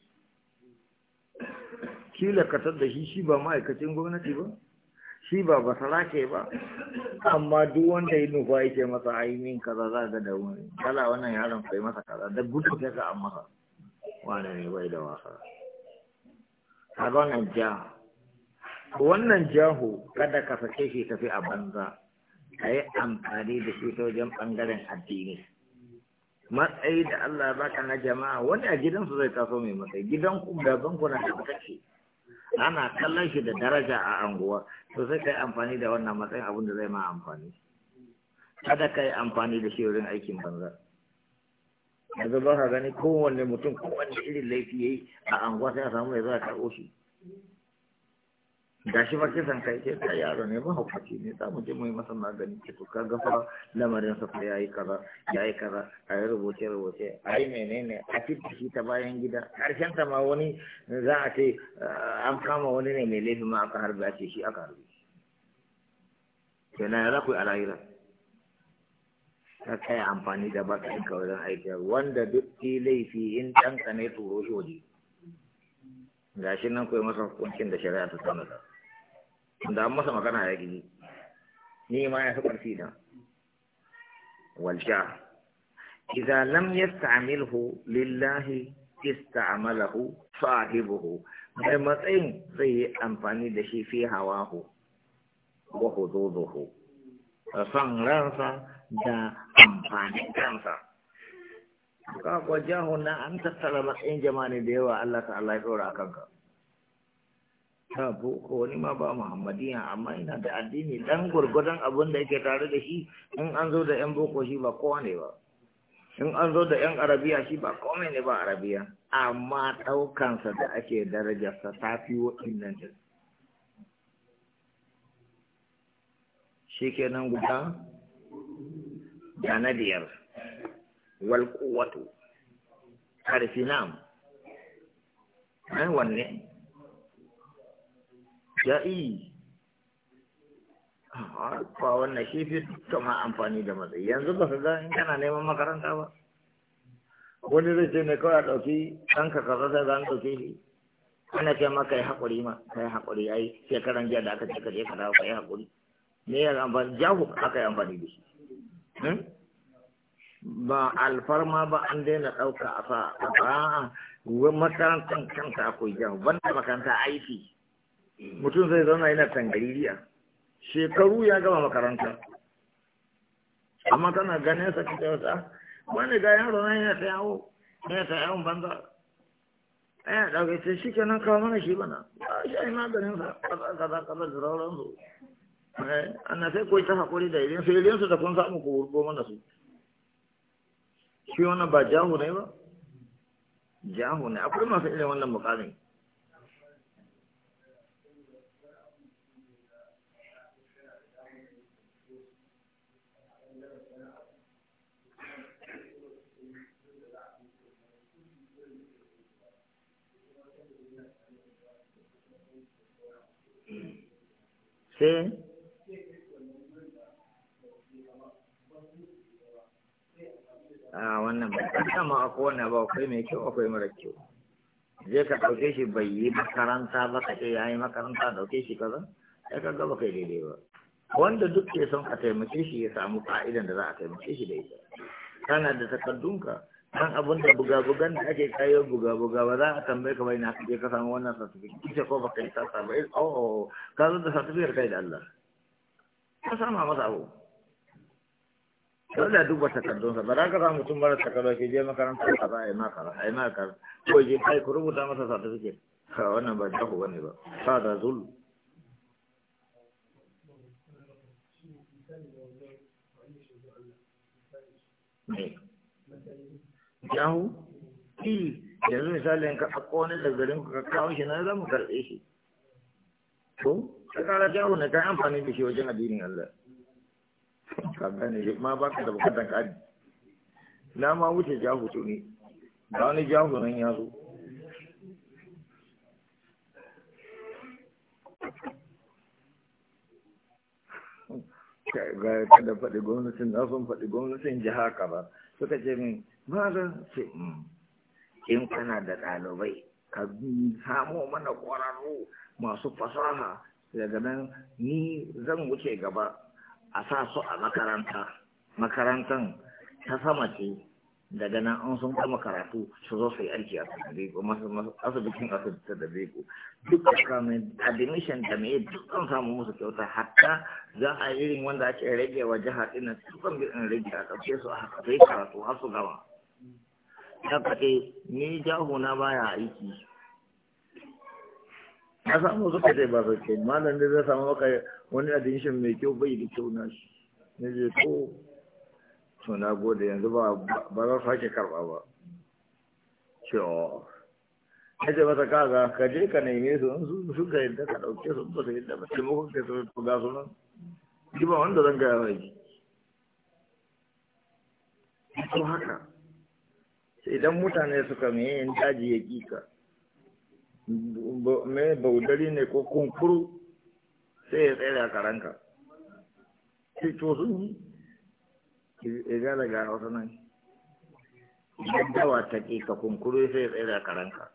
kila katar da shi shi ba ma'aikacin gwamnati ba shi ba ba sarake ba amma duk wanda ya nufa yake masa ainihin kaza za ga da wani kala wannan yaron kai masa kaza da gudu ta ga amma masa wane ne bai da wasa A wannan ja wannan jahu kada ka sake shi tafi a banza ka yi amfani da shi ta wajen ɓangaren addini matsayi da Allah ba ka na jama'a wani a gidansu zai taso mai matsayi gidan ku da banku na tabbatacce ana kallon shi da daraja a anguwa to sai ka yi amfani da wannan matsayin abin da zai ma amfani kada ka yi amfani da shi wurin aikin banza yanzu ba ka gani kowanne mutum kowanne irin laifi ya a anguwa sai a samu mai zuwa karɓo shi ga shi fa kisan kai ce ta yaro ne ba hukaci ne za mu je mu yi masa magani ce to ka gafa lamarin sa fa yayi kaza yayi kaza a yi rubuce rubuce a yi menene a fitta shi ta bayan gida karshen ta ma wani za a ce eh, an kama wani ne mai laifin ma aka harbi a ce shi aka harbi kenan ya za ku yi a lahira ka kai amfani da bakarin ka wajen aiki wanda duk ki laifi in ɗanka ne turo shi waje gashi nan kuwa masa hukuncin da shari'a ta tsanada da an masa magana ya gini ni ma ya fi ƙarfi walja idza lam yasta'milhu lillahi ista'malahu sahibuhu mai matsayin zai yi amfani da shi fi hawahu wa hududuhu san ransa da amfanin kansa ka kwajahu na an tattara matsayin jama'a ne da yawa Allah ta'ala ya ɗora a kanka ta boko wani ma ba muhammadiya amma ina da addini dan gurgudan abin da yake tare da shi in an zo da yan boko shi ba kowa ne ba in an zo da yan arabiya shi ba komai ne ba arabiya amma ɗaukansa da ake darajarsa ta fi waɗannan din shi kenan guda da na biyar wal kuwatu karfi nam ai wanne ya yi a wannan shi fi kama amfani da matsayi yanzu ba ka ga in kana neman makaranta ba wani zai ce ne kawai a ɗauki ɗanka kasa sai za a ɗauke shi ana ce ma kai haƙuri ma yi haƙuri yi shekaran jiya da aka ce ka je ka dawo yi haƙuri me ya amfani jahu aka yi amfani da shi hmm? ba alfarma ba an daina ɗauka a sa a makarantar kanta akwai jahu banda makaranta aiki mutum zai zauna yana tangaririya shekaru ya gama makaranta amma tana ganin sa cikin wata wani ga yaro na yana ta yawo yana ta yawon banza ɗaya ɗauke ce shi nan kawo mana shi bana ba ah, shi a yi maganin sa kaza kaza kaza da sauran su eh, ana sai ko ta haƙuri da irin su irin su da kun samu ku wurgo mana su shi wannan ba jahu ne ba jahu ne akwai masu irin wannan mukamin sai a wannan ba ma a kowane ba akwai mai kyau akwai mara kyau zai ka ɗauke shi bai yi makaranta ba ka ce ya yi makaranta ɗauke shi kaza ya ka gaba kai daidai ba wanda duk ke son a taimake shi ya samu ka'idan da za a taimake shi da ita kana da takardunka kan abun da buga-bugan da ake kayo buga-buga ba za a tambaye ka bai na kaje ka samu wannan satifiki ita ko baka yi tasa ba oh ka zo da certificate kai da Allah ka sama masa abu wata duba sa ba za ka samu mutum mara takardu ke je makaranta ka ba a yi makara a yi makara ko je kai ku rubuta masa satifiki ka wannan ba jahu ba ne ba fa da zulu you. jahu ki yanzu misalin ka ɗauko wani da ku ka kawo shi na za mu karɓe shi ko ka kara jahu ne ka amfani da shi wajen addinin Allah ka gane shi ma baka da bukatan ƙari na ma wuce jahu to ne ba wani jahu nan ya zo ga kada faɗi gwamnatin na sun faɗi gwamnatin jiha ka ba suka ce min malam sai hmm, in kana da ɗalibai ka samo mana ƙwararru masu fasaha daga nan ni zan wuce gaba a sa su a makaranta makarantan ta sama ce daga nan an sun kama karatu su zo su yi aiki a masu asibitin asibiti sadabego duk kamin admission da mai duk an samu musu kyauta hatta za a irin wanda ake rage wa jihar ɗin bi in rage a ƙarshe su a haka sai karatu har su gama ya faɗe ni huna na baya aiki na samu suka ce ba sauke malam da zai samu maka wani adinshin mai kyau bai da kyau na shi na je ko to na gode yanzu ba ba za sake karɓa ba cewa oh. ya ce masa kaga ka je ka neme su in sun ka yadda ka ɗauke su ba su yadda ba taimakon ka su ga su nan ji ba wanda zan gaya mai ji haka idan mutane suka mai daji ya kika mai baudari ne ko kunkuru sai ya tsere a karanka sai to sun yi idan daga hausa nan idan dawa ta kika kunkuru sai ya tsere a karanka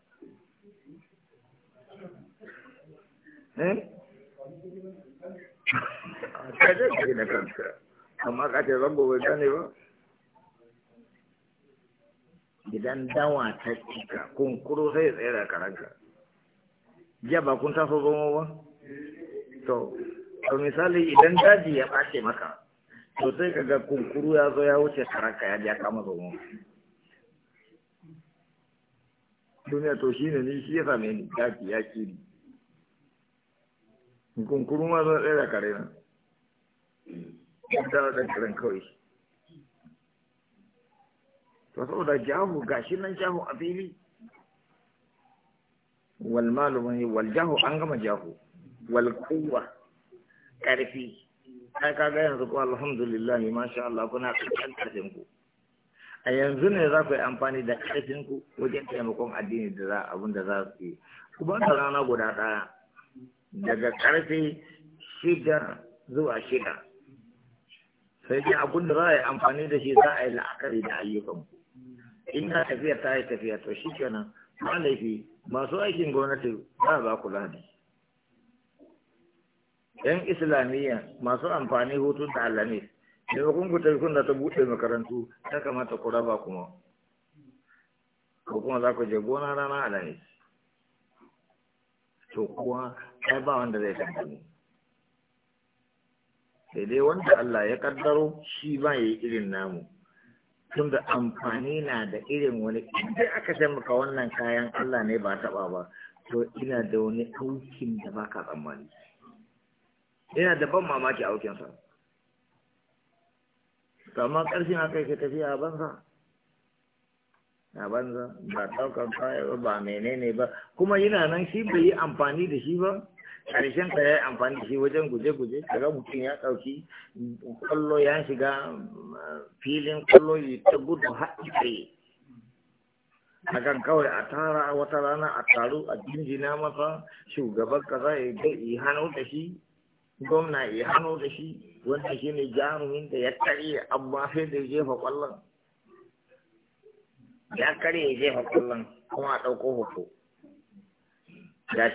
eh ka je ka kanka amma ka zango bai gane ba idan dawa ta cika kunkuru sai tsere karanka jiya ba kun taso zoma ba to to misali idan daji ya ɓace maka to sai ka ga kunkuru ya zo ya wuce karanka ya ja kama zoma duniya to shi ne ni shi ya same ni daji ya kiri kunkuru ma zo da kare na da karen kawai to saboda jahu gashi nan jahu a fili wal malumin wal jahu an gama jahu wal kuwa karfi ai ga yanzu ko alhamdulillah masha Allah kuna cikin karfin ku a yanzu ne za ku yi amfani da karfin ku wajen taimakon addini da za abin da za su yi ku ba ta rana guda ɗaya daga karfe shida zuwa shida sai dai abin da za a yi amfani da shi za a yi la'akari da ayyukan in ta ta yi tafiya to shi kana ba laifi masu aikin gwamnati ba ba ku ladi yan islamiyya masu amfani hutun da ba kun ku tafi da ta buɗe makarantu ta kamata ku raba kuma ko kuma za ku je gona rana alami to kuwa ai ba wanda zai tambaye sai dai wanda Allah ya kaddaro shi ba ya yi irin namu tun da amfani na da irin wani idan aka san maka wannan kayan Allah ne ba taɓa ba to ina da wani aukin da ba ka tsammani ina da ban mamaki aukin sa kamar karshen aka yi tafiya a banza a banza ba ɗaukar kaya ba menene ba kuma yana nan shi bai yi amfani da shi ba karshen ya yi amfani da shi wajen guje-guje kaga mutum ya ɗauki kwallo ya shiga eh, filin kwallo ta gudu haɗi A kan kawai a tara wata rana a taru a jinjina masa shugaban kaza ya ga ihano da shi gwamna ihano da shi wanda shi ne jarumin da ya tare amma sai da jefa kwallon ya kare ya jefa kwallon kuma a ɗauko hoto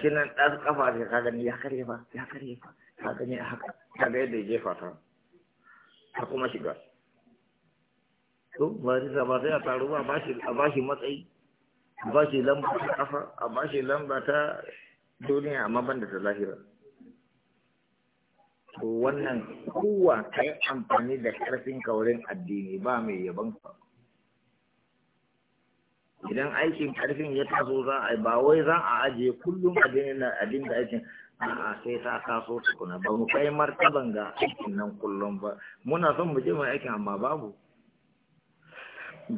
shi nan ɗan ƙafa sai ka gani ya karye fa ya karye fa ka gani a haka ka ga yadda ya jefa ta ta kuma shiga to ba zai ba sai a taru ba a ba shi matsayi a ba shi lamba ta ƙafa, a ba shi lamba ta duniya amma ban da ta lahira to wannan kowa ka yi amfani da ƙarfin kaurin addini ba mai ka idan aikin karfin ya taso za a ba wai za a ajiye kullum a dinga aikin a'a sai ta taso tukuna ba mu kai martaban ga aikin nan kullum ba muna son mu je mai aikin amma babu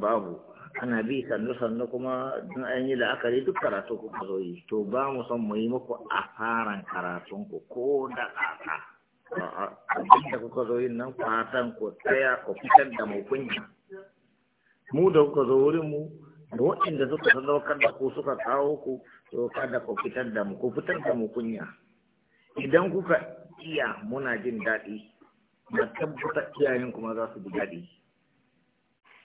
babu ana bi sannu sannu kuma dun an yi la'akari duk karatu ku zo yi to ba mu son mu yi muku asaran karatun ku ko da kasa abin da kuka zo yin nan fatan ku tsaya ku fitar da mu kunya mu da kuka zo wurin mu da waɗanda suka sadaukar da ku suka kawo ku to kada ku fitar da mu ku fitar da mu kunya idan kuka iya muna jin daɗi na tabbata iyayen kuma za su ji daɗi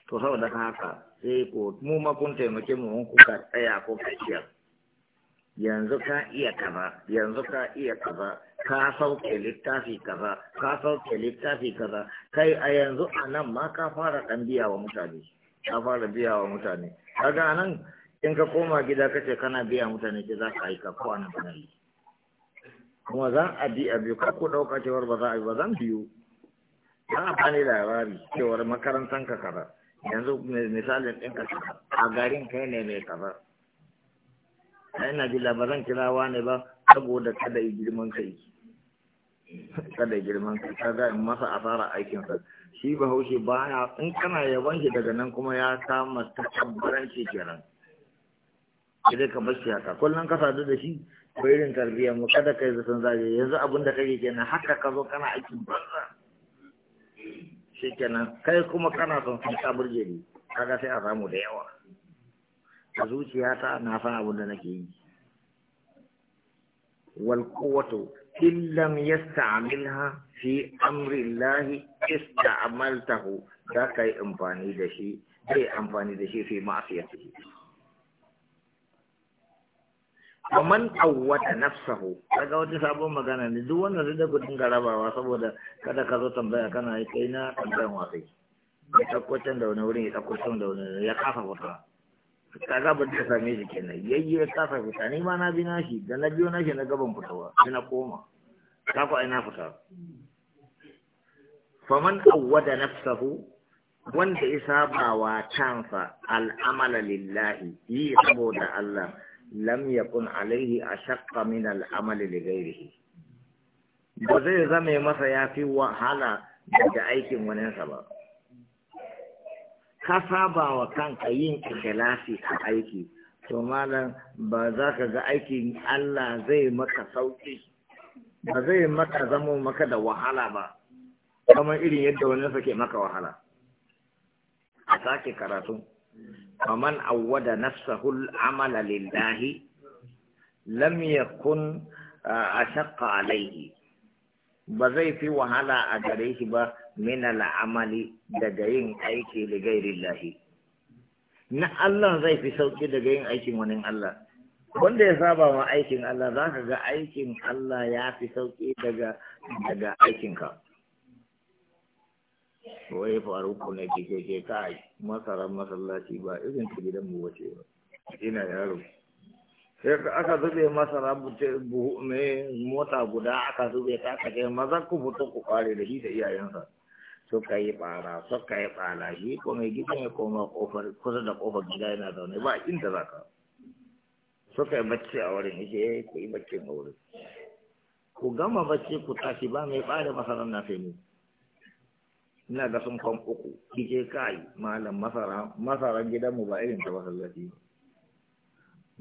to saboda haka sai ko mu ma kun taimake mu mun kuka tsaya ko ka iya yanzu ka iya kaza yanzu ka iya kaza ka sauke littafi kaza ka sauke littafi kaza kai a yanzu a nan ma ka fara ɗan biya wa mutane Ka fara biya wa mutane kaga nan in ka koma gida kace kana biya mutane ce za ka aika ko anan yi kuma za a bi a biyu ka ku ɗauka cewar ba za a yi ba zan biyu za a bani labari cewar makarantar ka kaza yanzu misalin ɗin ka kaza a garin kai ne mai kaza ina ji labaran kirawa ne ba saboda kada yi girman kai kada girman ka ga in masa asara aikin sa shi bahaushe ya in kana yaban shi daga nan kuma ya kama tabbaran shi kenan kada ka bar shi haka kullun ka sadu da shi ko irin tarbiyyar mu kada kai san zage yanzu abin da kake kenan haka ka zo kana aikin banza shi kenan kai kuma kana son sun ka burge ni kaga sai a samu da yawa a zuciyata na san abin da nake yi wal kuwatu in lam yasta'milha fi amri Allah ista'maltahu za ka yi amfani da shi zai amfani da shi fi ma'asiyatihi man awwata nafsahu daga wata sabon magana ne duk wannan da kudin garabawa, saboda kada ka zo tambaya kana yi kai na tambayan wasai ya ɗauko da wani wurin ya ɗauko da wani ya kafa wata kaga ban ta same shi kenan yayye ka fa fita ni ma na bi na shi da na biyo na shi na gaban fitawa sai na koma ka ko ai fita faman awwada nafsahu wanda ya saba wa kansa al'amala lillahi yi saboda Allah lam yakun alaihi ashaqqa min al'amali li ghairihi ba zai zame masa yafi wahala daga aikin waninsa ba ka saba wa kanka yin ikhlasi a aiki to malam ba za ka ga aikin Allah zai maka sauki ba zai maka zamo maka da wahala ba kamar irin yadda wani sake maka wahala a sake karatu faman awwada nafsahu amala lillahi lam yakun ashaqqa alayhi ba zai fi wahala a gare shi ba min al'amali daga yin aiki gairi lahi na Allah zai fi sauki daga yin aikin wani Allah wanda ya saba ma aikin Allah za ka ga aikin Allah ya fi sauki daga daga aikinka wai ku ne ke ke kai masara masallaci ba irin ta gidan mu wace ba ina yaro sai aka zube masara buhu mota guda aka zube ta aka ce maza ku fito ku kware da shi da iyayensa suka yi bara suka yi bara shi ko mai gidan ya koma kofar kusa da kofar gida yana zaune ba inda za ka suka yi bacci a wurin yake ya eh, ku yi bacci a wurin ku gama bacci ku tashi ba mai bada masarar na sai ina ga sun kwan uku kije kai malam masara masarar mu ba irin ta zafi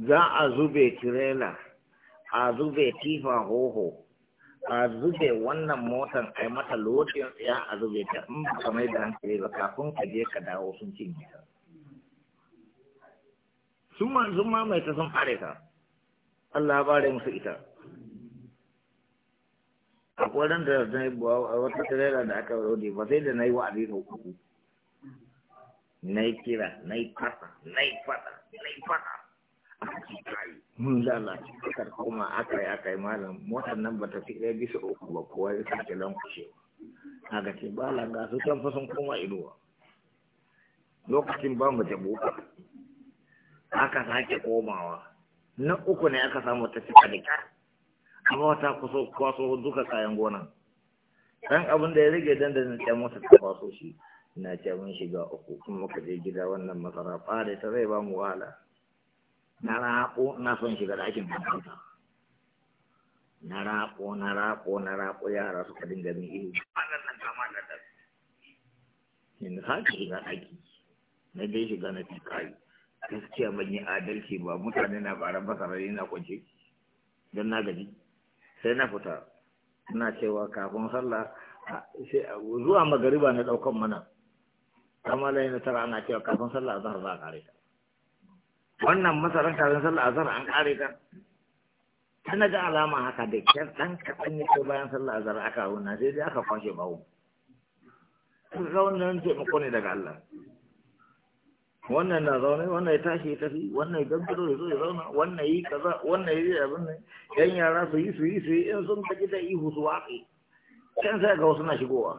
za a zube tirela a zube tifa hoho a zube wannan motar a yi mata lokacin tsaya a zube ta in ba ka mai da hankali ba kafin ka je ka dawo sun cin ta sun ma sun ma mai ta sun fare ta Allah bare musu ita akwai ran da na yi wata tarera da aka rode ba sai da na yi wa sau uku na yi kira na yi fata na yi fata na yi fata mun lalace kakar koma aka yi aka yi malam motar nan ba ta fi ɗaya bisa uku ba kowa ya sake lankushe haka ce ba langa su can fa sun koma inuwa lokacin ba mu jabuka aka sake komawa na uku ne aka samu ta cika da kyar amma wata kuso kwaso duka kayan gonan dan abin da ya rage dandalin ta mota ta kwaso shi ina ce mun shiga uku kuma ka je gida wannan masara fare ta zai ba mu wahala na raƙo na son shiga ɗakin makaranta na raƙo na raƙo na raƙo yara suka dinga min ihu wannan nan kama da da in sake shiga ɗaki na dai shiga na kai gaskiya ban yi adalci ba mutane na bara basarari na kwance don na gaji sai na fita ina cewa kafin sallah zuwa magariba na ɗaukan mana kamar na tara ana cewa kafin sallah zahar za a kare ta wannan masarar kafin sallar azhar an kare ta tana ga alama haka da kyar dan kaɗan ya kai bayan sallar azhar aka wuna sai dai aka kwashe bawo ga wannan taimako ne daga Allah wannan na zaune wannan ya tashi ya tafi wannan ya gangaro ya zo ya zauna wannan yi kaza wannan ya yi abin nan yan yara su yi su yi su yi in sun ta da ihu su watsi can sai ga wasu na shigowa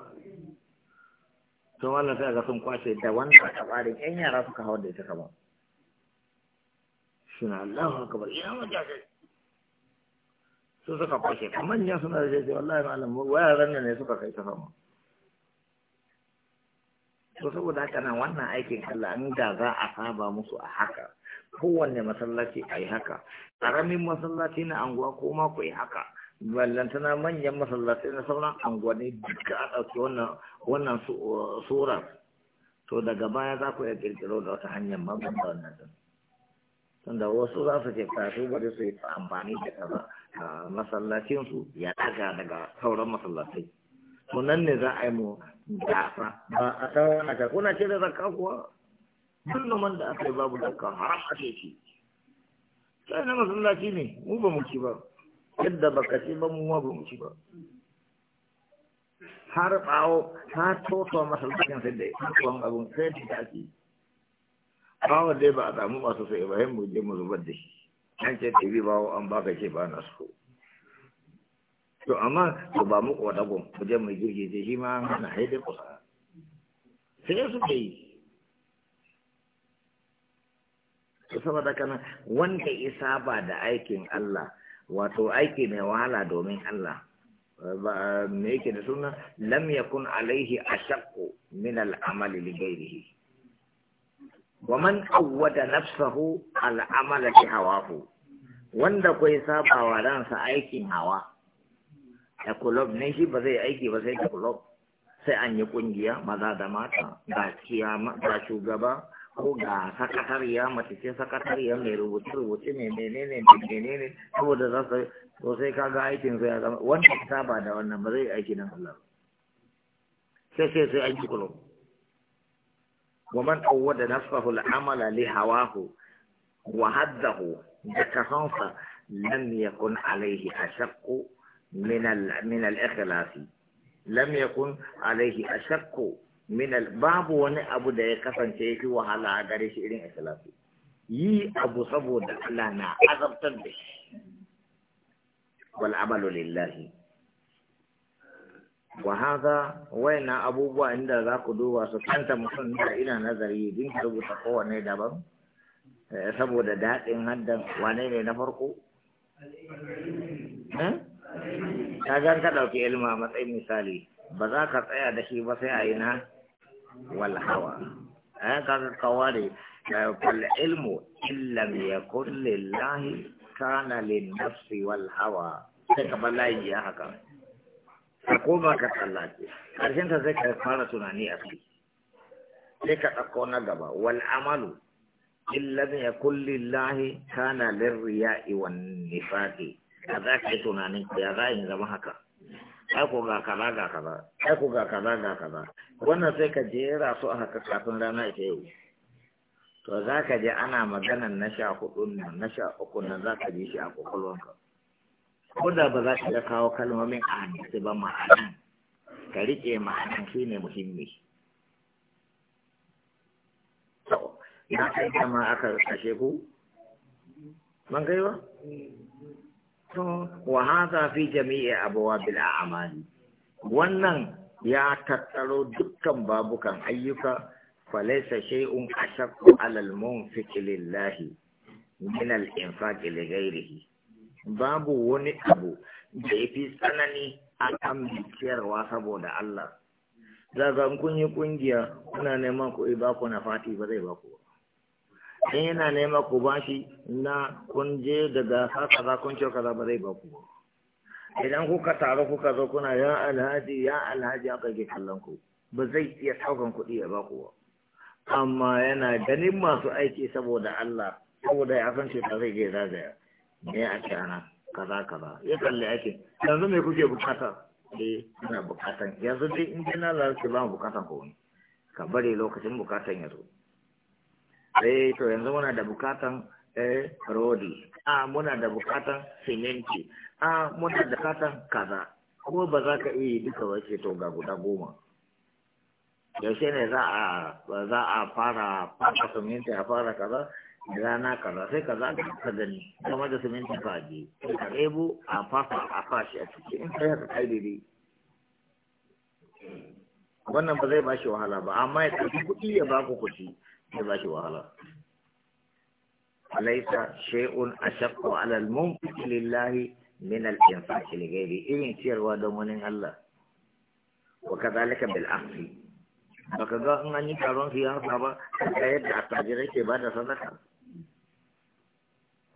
to wannan sai ga sun kwashe da wannan tsarin yan yara suka hawa da ita kama suna Allahu akbar ina mutane su suka fashe manya suna da jeje wallahi malam waya ranar ne suka kai ta sama to saboda haka nan wannan aikin Allah in da za a saba musu a haka kowanne masallaci a yi haka ƙaramin masallaci na anguwa ko ma ku yi haka ballantana manyan masallaci na sauran anguwanni duka a ɗauki wannan wannan uh, to daga baya za ku iya ƙirƙiro da wata hanyar mabambar wannan da wasu za su ce kasu bari su yi amfani da kaza masallacinsu ya daga daga sauran masallatai to nan ne za a yi mu dafa ba a tsawon a kuna ce da zaka kuwa kullum da aka yi babu zakka haram ake ci sai na masallaci ne mu ba mu ci ba yadda ka ci ba mu ma ba mu ci ba har bawo ta toto masallacin sai da ya abin sai da ce bawa dai ba a samu masu sai ba mu je mu zubar da shi an ce ta yi bawa an baka ce ba na so to amma to ba mu kwada gon mu je mu girgize shi ma na haidai kusa sai su ke yi Saba da kana wanda isa ba da aikin Allah wato aiki mai wahala domin Allah me yake da suna lam yakun alaihi ashaqqu min al-amali li ومن عود نفسه على عمل هواه wanda kai saba wa ransa aikin hawa da kulob ne shi ba zai aiki ba sai da kulob sai an yi kungiya maza da mata ga kiyama ga shugaba ko ga sakatariya mace ce sakatariya mai rubuce rubuce ne menene menene saboda za su to sai kaga aikin sai ya zama wanda saba da wannan ba zai aiki nan Allah sai sai sai aiki kulob ومن أود نفسه العمل لهواه وهده بكثافة لم يكن عليه أشق من من الإخلاص لم يكن عليه أشق من الباب وني أبو ده كفن شيء وهلا عدري شيء إخلاص يي أبو صبود الله نا أغبت به والعمل لله wa haza wai na abubuwa inda za ku duba su kanta mutum da ina nazari din ka rubuta kowane daban eh, saboda daɗin haddan wane ne na farko ta hmm? gan ka ɗauki ilma matsayin misali ba za ka tsaya da shi ba sai a yi na walhawa ayan eh, kaga kaware fal ilmu illam kulle lahi kana lin nafsi walhawa sai ka ba layi ya haka ka koma ka tsallake. ƙarshen ta sai ka fara tunani a ciki. sai ka ɗauko na gaba wal amalu ya yakun lahi, kana na wan nifaqi kaza ke tunanin ya za in zama haka ai ko ga kaza ga kaza ai ko ga kaza ga kaza wannan sai ka jera su a haka kafin rana ita yau to za ka je ana maganan na sha hudun nan na sha uku nan za ka ji shi a kwakwalwanka ko da ba za ka iya kawo kalmomin a hadisi ba ma'ana ka riƙe ma'anan shi ne muhimmi na kai kama aka kashe ku ban kai ba to wa haza fi jami'i abuwa bil a'mali wannan ya tattaro dukkan babukan ayyuka falaisa shay'un ashaqqu 'ala al-munfiqi lillahi min al-infaqi li ghayrihi babu wani abu da ya fi tsanani a kan bikiyarwa saboda Allah. Zagan kun yi ƙungiya kuna neman ku ba ku na fati ba zai ba In yana nema ku bashi na kun je daga kaza kun ce kaza ba zai ba Idan kuka taru kuka zo kuna ya alhaji ya alhaji aka ke kallon ku ba zai iya saukan kuɗi ya ba ku ba. Amma yana ganin masu aiki saboda Allah saboda ya san ce zai ke zagaya. me ake ana kaza kaza ya kalli ake yanzu me kuke bukata dai eh, ina bukatan yanzu dai in ji na lalace ba mu bukatan ko wani ka bari lokacin bukatan ya zo eh to yanzu muna da bukatan eh rodi a muna da bukatan siminti a muna da bukatan kaza ko ba za ka iya duka ce to ga guda goma yaushe ne za a za a fara fara siminti a fara kaza rana kaza sai kaza ka gani kama da siminti ka aje ka rebo a fafa a fashi a ciki in kai haka kai daidai wannan ba zai bashi wahala ba amma ya ɗauki kuɗi ya baku kuɗi zai bashi wahala alaisa shay'un ashaqqu 'ala al-munfiq lillahi min al-infaq li ghayri irin ciyarwa don wani Allah wa kadhalika bil afi baka ga in an yi taron siyasa ba ta yadda tajirai ke ba da sadaka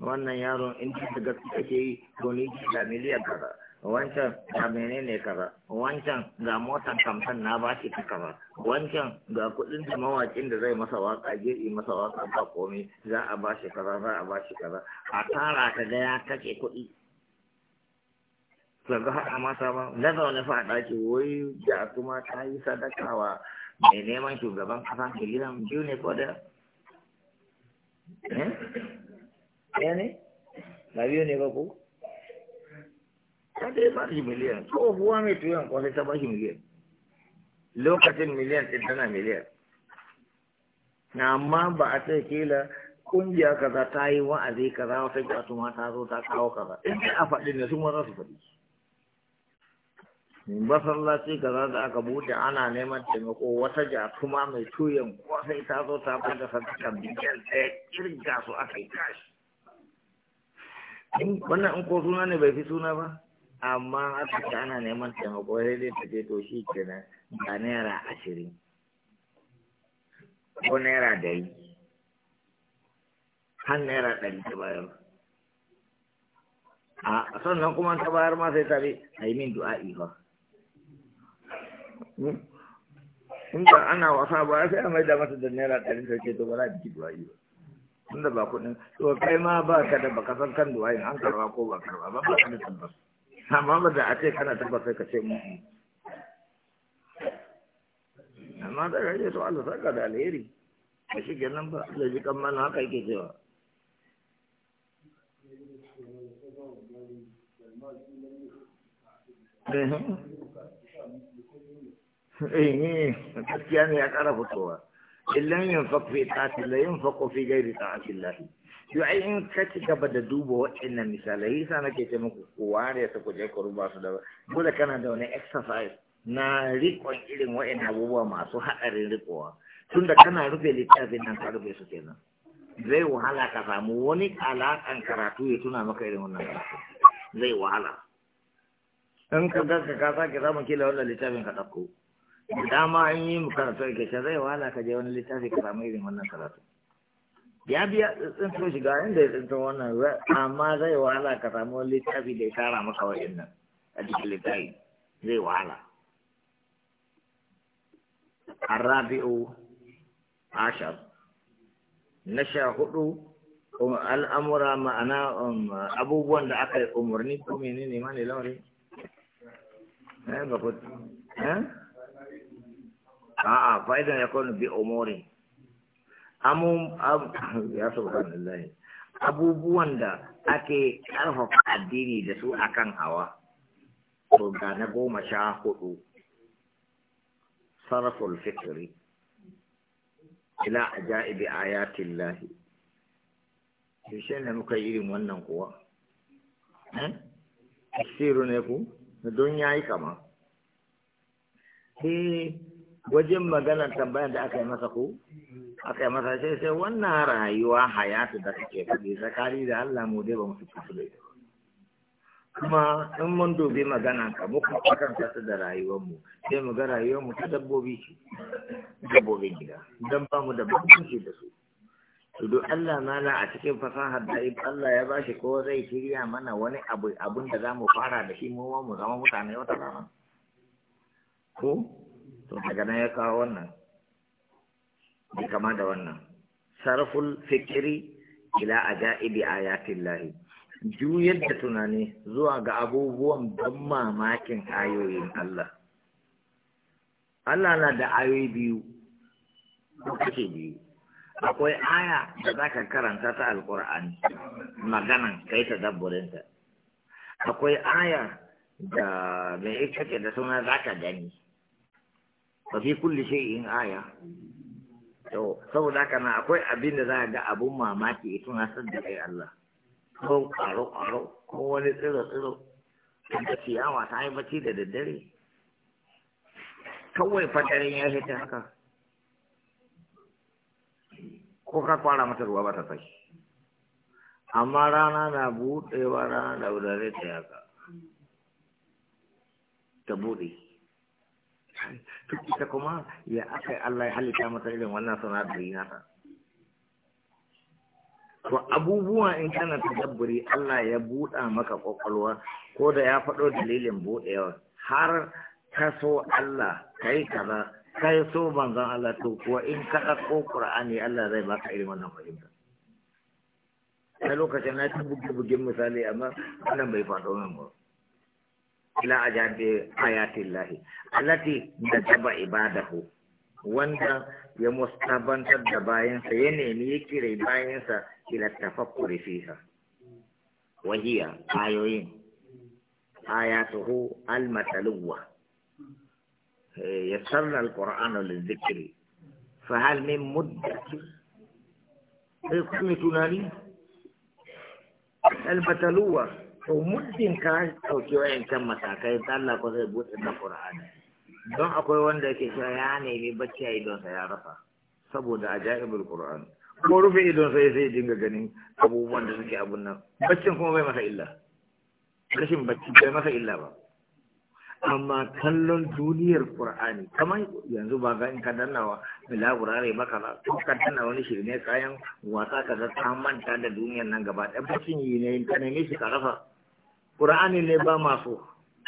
wannan yaron in ta gaske ake yi to ni ga miliyan kaza wancan ga menene kaza wancan ga motan kamfan na ba shi ta kaza wancan ga kudin da mawakin da zai masa waka je masa waka ba komai za a ba shi kaza za a ba shi kaza a tara ta ga ya kake kuɗi ka ga haɗa masa ba na zaune fa a ɗaki wai da kuma ta yi sadakawa mai neman shugaban ke miliyan biyu ne ko da Yani, ne ba biyu ne ba ko ta dai ba shi miliyan tsohuwa mai tuyon kwasai ta bashi miliyan lokacin miliyan ɗin tana miliyan na amma ba a ce kila kungiya kaza ta yi wa'azi kaza wata jasu ma ta zo ta kawo kaza in dai a faɗi ne sun ma za su faɗi masallaci kaza da aka buɗe ana neman taimako wata jasuma mai tuyan kwasai ta zo ta bada sadaka biyar ɗaya kirga su aka yi kashi wannan in ko suna ne bai fi suna ba amma aka ce ana neman taimako sai dai ta je to shi kenan ga naira ashirin ko naira dari har naira ɗari ta bayar a sannan kuma ta bayar ma sai ta bi a yi min du'a'i fa in ba ana wasa ba sai a mai da masa da naira ɗari ta ce to ba za a biki du'a'i ba tunda ba kuɗin to kai ma ba ka da baka san kan duwai, an karba ko ba karba ba ba ka tabbas amma ba da a ce kana tabbas sai ka ce mu amma da rage to Allah saka da alheri shi ke nan ba Allah ji kan mana haka yake cewa Eh, eh gaskiya ne ya ƙara fitowa. in lam yunfaq fi ta'ati la yunfaq fi ghairi ta'ati Allah yu ai in ka ci gaba da duba waɗannan misalai yasa nake ce muku ku ware su ku je ku ruba su da dole kana da wani exercise na rikon irin waɗannan abubuwa masu haɗarin rikowa da kana rufe littafin nan ka rufe su kenan zai wahala ka samu wani alaƙan karatu ya tuna maka irin wannan karatu zai wahala in ka ga ka sake samun kila wannan littafin ka ɗauko da dama an yi makarantar karatu zai wahala ka je wani littafi ka samu irin wannan karatu ya biya tsinto shiga inda ya tsinto wannan amma zai wahala ka samu wani littafi da ya tara maka wa'in nan a cikin littafi zai wahala الرابع عشر نشا hudu um, al'amura ma'ana um, abubuwan da aka yi umarni ko menene ma ne lamarin? Eh, ba ku, eh? a'a fa'idan ya kone bi umurin amun ya subhanallahi abubuwan da ake karfafa addini da su akan hawa to ga na goma sha hudu sarraful fikri ila ajaibi ayatillahi shi ne muka yi irin wannan kuwa eh? siru ne ku don yayi kama eh wajen magana tambayar da aka yi masa ko aka yi masa sai sai wannan rayuwa hayatu da suke faɗi tsakani da Allah mu dai ba mu fito da kuma in mun dubi magana ka muka kwatanta su da rayuwar mu sai mu ga rayuwar mu ta dabbobi ce dabbobin gida dan ba mu da bambanci da su to don Allah mala a cikin fasahar da Allah ya bashi ko zai shirya mana wani abu abun da zamu fara da shi mu mu zama mutane wata rana ko to daga nan ya kawo wannan bai kama da wannan sarful fikiri ila ajaibi lahi. juyar da tunani zuwa ga abubuwan ban mamakin ayoyin Allah Allah na da ayoyi biyu ko kace biyu akwai aya da za ka karanta ta alkur'ani maganan kai ta ta. akwai aya da mai ita ce da suna za ka gani Fafi fi kulli in aya to saboda haka na akwai abin da za a ga abun mamaki ita na san da kai Allah ko karo karo ko wani tsiro tsiro da ciyawa ta yi bacci da daddare kawai fadarin ya hita haka ko ka kwara mata ruwa ba ta sai amma rana na buɗewa rana da wurare ta yaka ta buɗe ita kuma ya aka Allah ya halitta mata irin wannan sanadari nata to abubuwa in kana tadabburi Allah ya buɗa maka ƙwaƙwalwa, ko da ya faɗo dalilin buɗewa har ka so Allah kai kaza kai so manzon Allah to kuwa in ka ɗauko Qur'ani Allah zai baka irin wannan fahimta Sai lokacin na ta buge-bugen misali amma wannan bai faɗo min ba إلى عجاب آيات الله التي نجب عباده وانت يمستبن تدبائن سيني يكري باين سا إلى التفكر فيها وهي آيوين آياته المتلوة يسرنا القرآن للذكر فهل من مدة يقول إيه تناني المتلوة to muddin ka ɗauki wayancan matakai Allah ko zai buɗe da Qur'ani don akwai wanda yake cewa ya nemi bacci a idonsa ya rasa saboda ajaibul Qur'an ko rufe idon ya sai dinga ganin abubuwan da suke abun nan baccin kuma bai masa illa rashin bacci bai masa illa ba amma kallon duniyar Qur'ani kamar yanzu ba ga in ka dannawa bila gurare maka ba ko ka danna wani shirme kayan wasa ka ta manta da duniyar nan gaba ɗaya bakin yi ne ka ne shi ka rasa ƙura'ani ne ba masu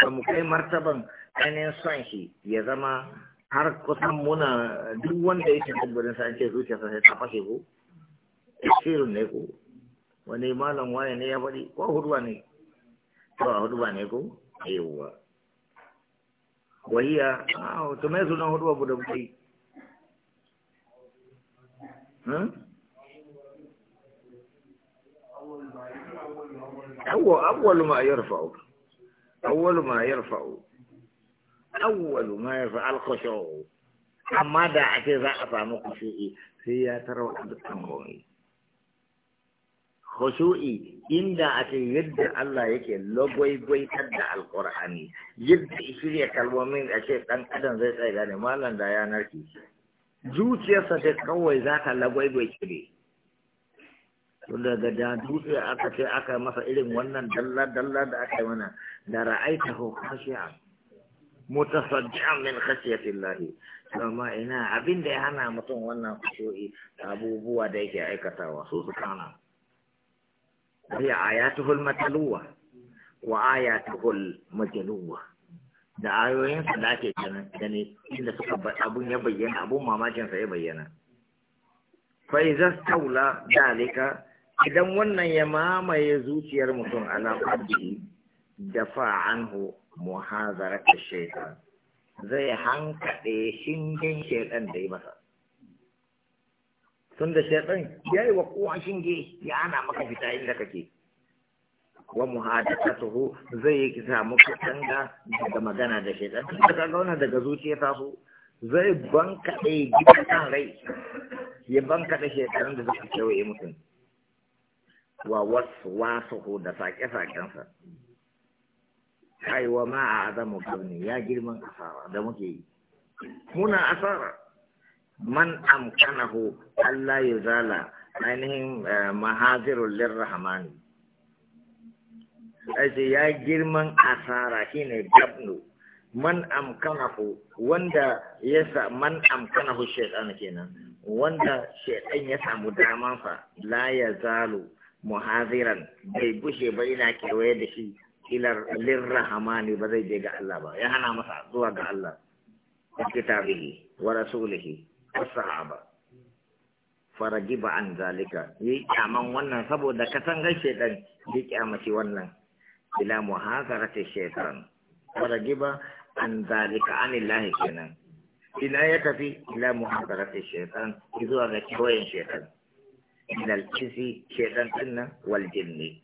ba mu kai martaban ainihin son shi ya zama har kusan muna duk wanda yake tabbarin sa ce zuciya sai ta fashe ko shirin ne ko wani malam waye ne ya faɗi ko hudwa ne ko hudwa ne ko yawwa wahiya ah, to mai suna hudwa budan kai hmm? هو أول ما يرفع أول ما يرفع أول ما يرفع الخشوع أما دع اعتذاء فامو خشوعي فيا ترى عبد الله خشوعي إن دع أتي يد الله يك لغوي بوي تدع القرآن يد إشريا كالومين أشيء أن أدن زي سيغاني مالا دا يا نركي zuciyarsa كوي ذاك za ta lagwaigwai tunda da da dutse aka ce aka masa irin wannan dalla dalla da aka yi mana da ra'aitahu khashi'an mutasaddian min lahi amma ina abin da ya hana mutum wannan khushu'i abubuwa da yake aikatawa su su kana wa a ya وآياته majaluwa da ayoyinsa da ake gani inda suka abun ya bayyana abun mamakinsa ya bayyana fai taula dalika idan wannan ya mamaye zuciyar mutum ala qadri dafa anhu muhazarat shaytan zai hankade shingen shaytan da yi masa tun da shaytan yi wa kowa shinge ya ana maka fita inda kake wa muhadathatuhu zai yi kisa samu katanga daga magana da shaytan tun da kaga gauna daga zuciya ta so zai bankaɗe gidan rai ya bankaɗe shaytan da zai kewaye mutum wa wasu wasu da sake-sakensa kaiwa ma a azamu gabni ya girman asara da muke yi muna asara man amkanahu Allah ya zala ainihin eh, mahazirun lirrahmani aje ya girman asara shine gabnu man amkanahu wanda ya sa man amkanahu shaytan kenan wanda shaytan ya samu damansa la ya zalo. muhaziran bai bushe ba ina kewaye da shi ilar lirrahamani ba zai je ga Allah ba ya hana masa zuwa ga Allah wa kitabihi wa rasulihi wa sahaba farajiba an zalika yi kyaman wannan saboda ka san gaishe dan yi kyamaci wannan ila muhazarati shaytan farajiba an zalika anillahi kenan ina ya tafi ila muhazarati shaytan zuwa ga kewayen shaytan من الإنس شيطان سنة والجن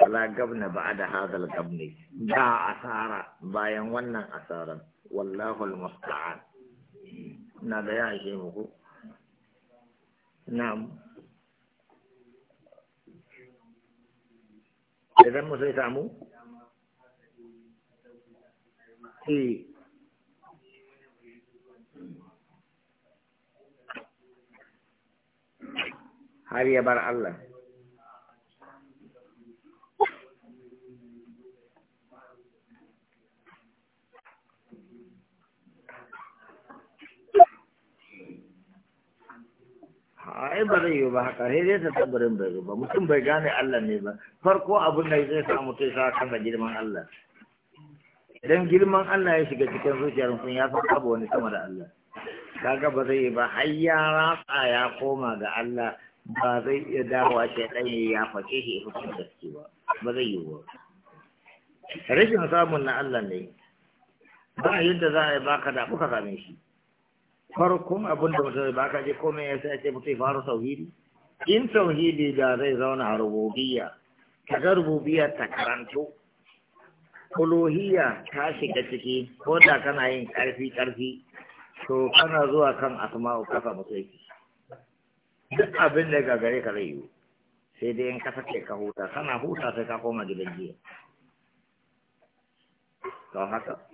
فلا قبن بعد هذا القبن باع أثارا باين ونن أثارا والله المستعان نادى يا شيخ نعم idan mutum ya samu? har ya bar Allah ai ba zai yi ba haka sai zai ta bai ba mutum bai gane Allah ne ba farko abin da zai sa mutum sa kansa girman Allah idan girman Allah ya shiga cikin zuciyar mutum ya san abu wani sama da Allah kaga ba zai yi ba har ya ratsa ya koma ga Allah ba zai iya dawa shaidan ya fake shi hukuncin gaske ba ba zai yi wa rashin samun na Allah ne ba yadda za a yi baka da buka same shi farkon abin da mutum baka je kome ya sai ce mutum faru tauhidi in tauhidi da zai zauna a rububiyya kaga rububiya ta karanto uluhiyya ta shiga ciki ko da kana yin karfi karfi to kana zuwa kan asma'u kafa mutum duk abin da ga gare ka zai yi sai dai in ka sake ka huta kana huta sai ka koma gidan jiya to haka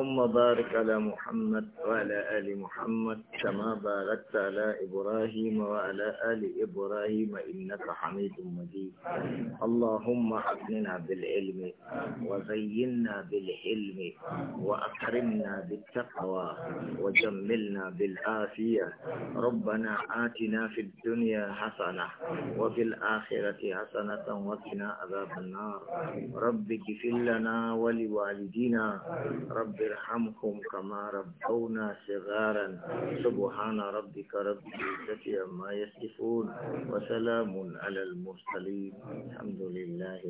اللهم بارك على محمد وعلى آل محمد كما باركت على إبراهيم وعلى آل إبراهيم إنك حميد مجيد اللهم أكرمنا بالعلم وزينا بالحلم وأكرمنا بالتقوى وجملنا بالعافية ربنا آتنا في الدنيا حسنة وفي الآخرة حسنة وقنا عذاب النار رب اغفر لنا ولوالدينا رب وارحمهم كما ربونا صغارا سبحان ربك رب العزة عما يصفون وسلام على المرسلين الحمد لله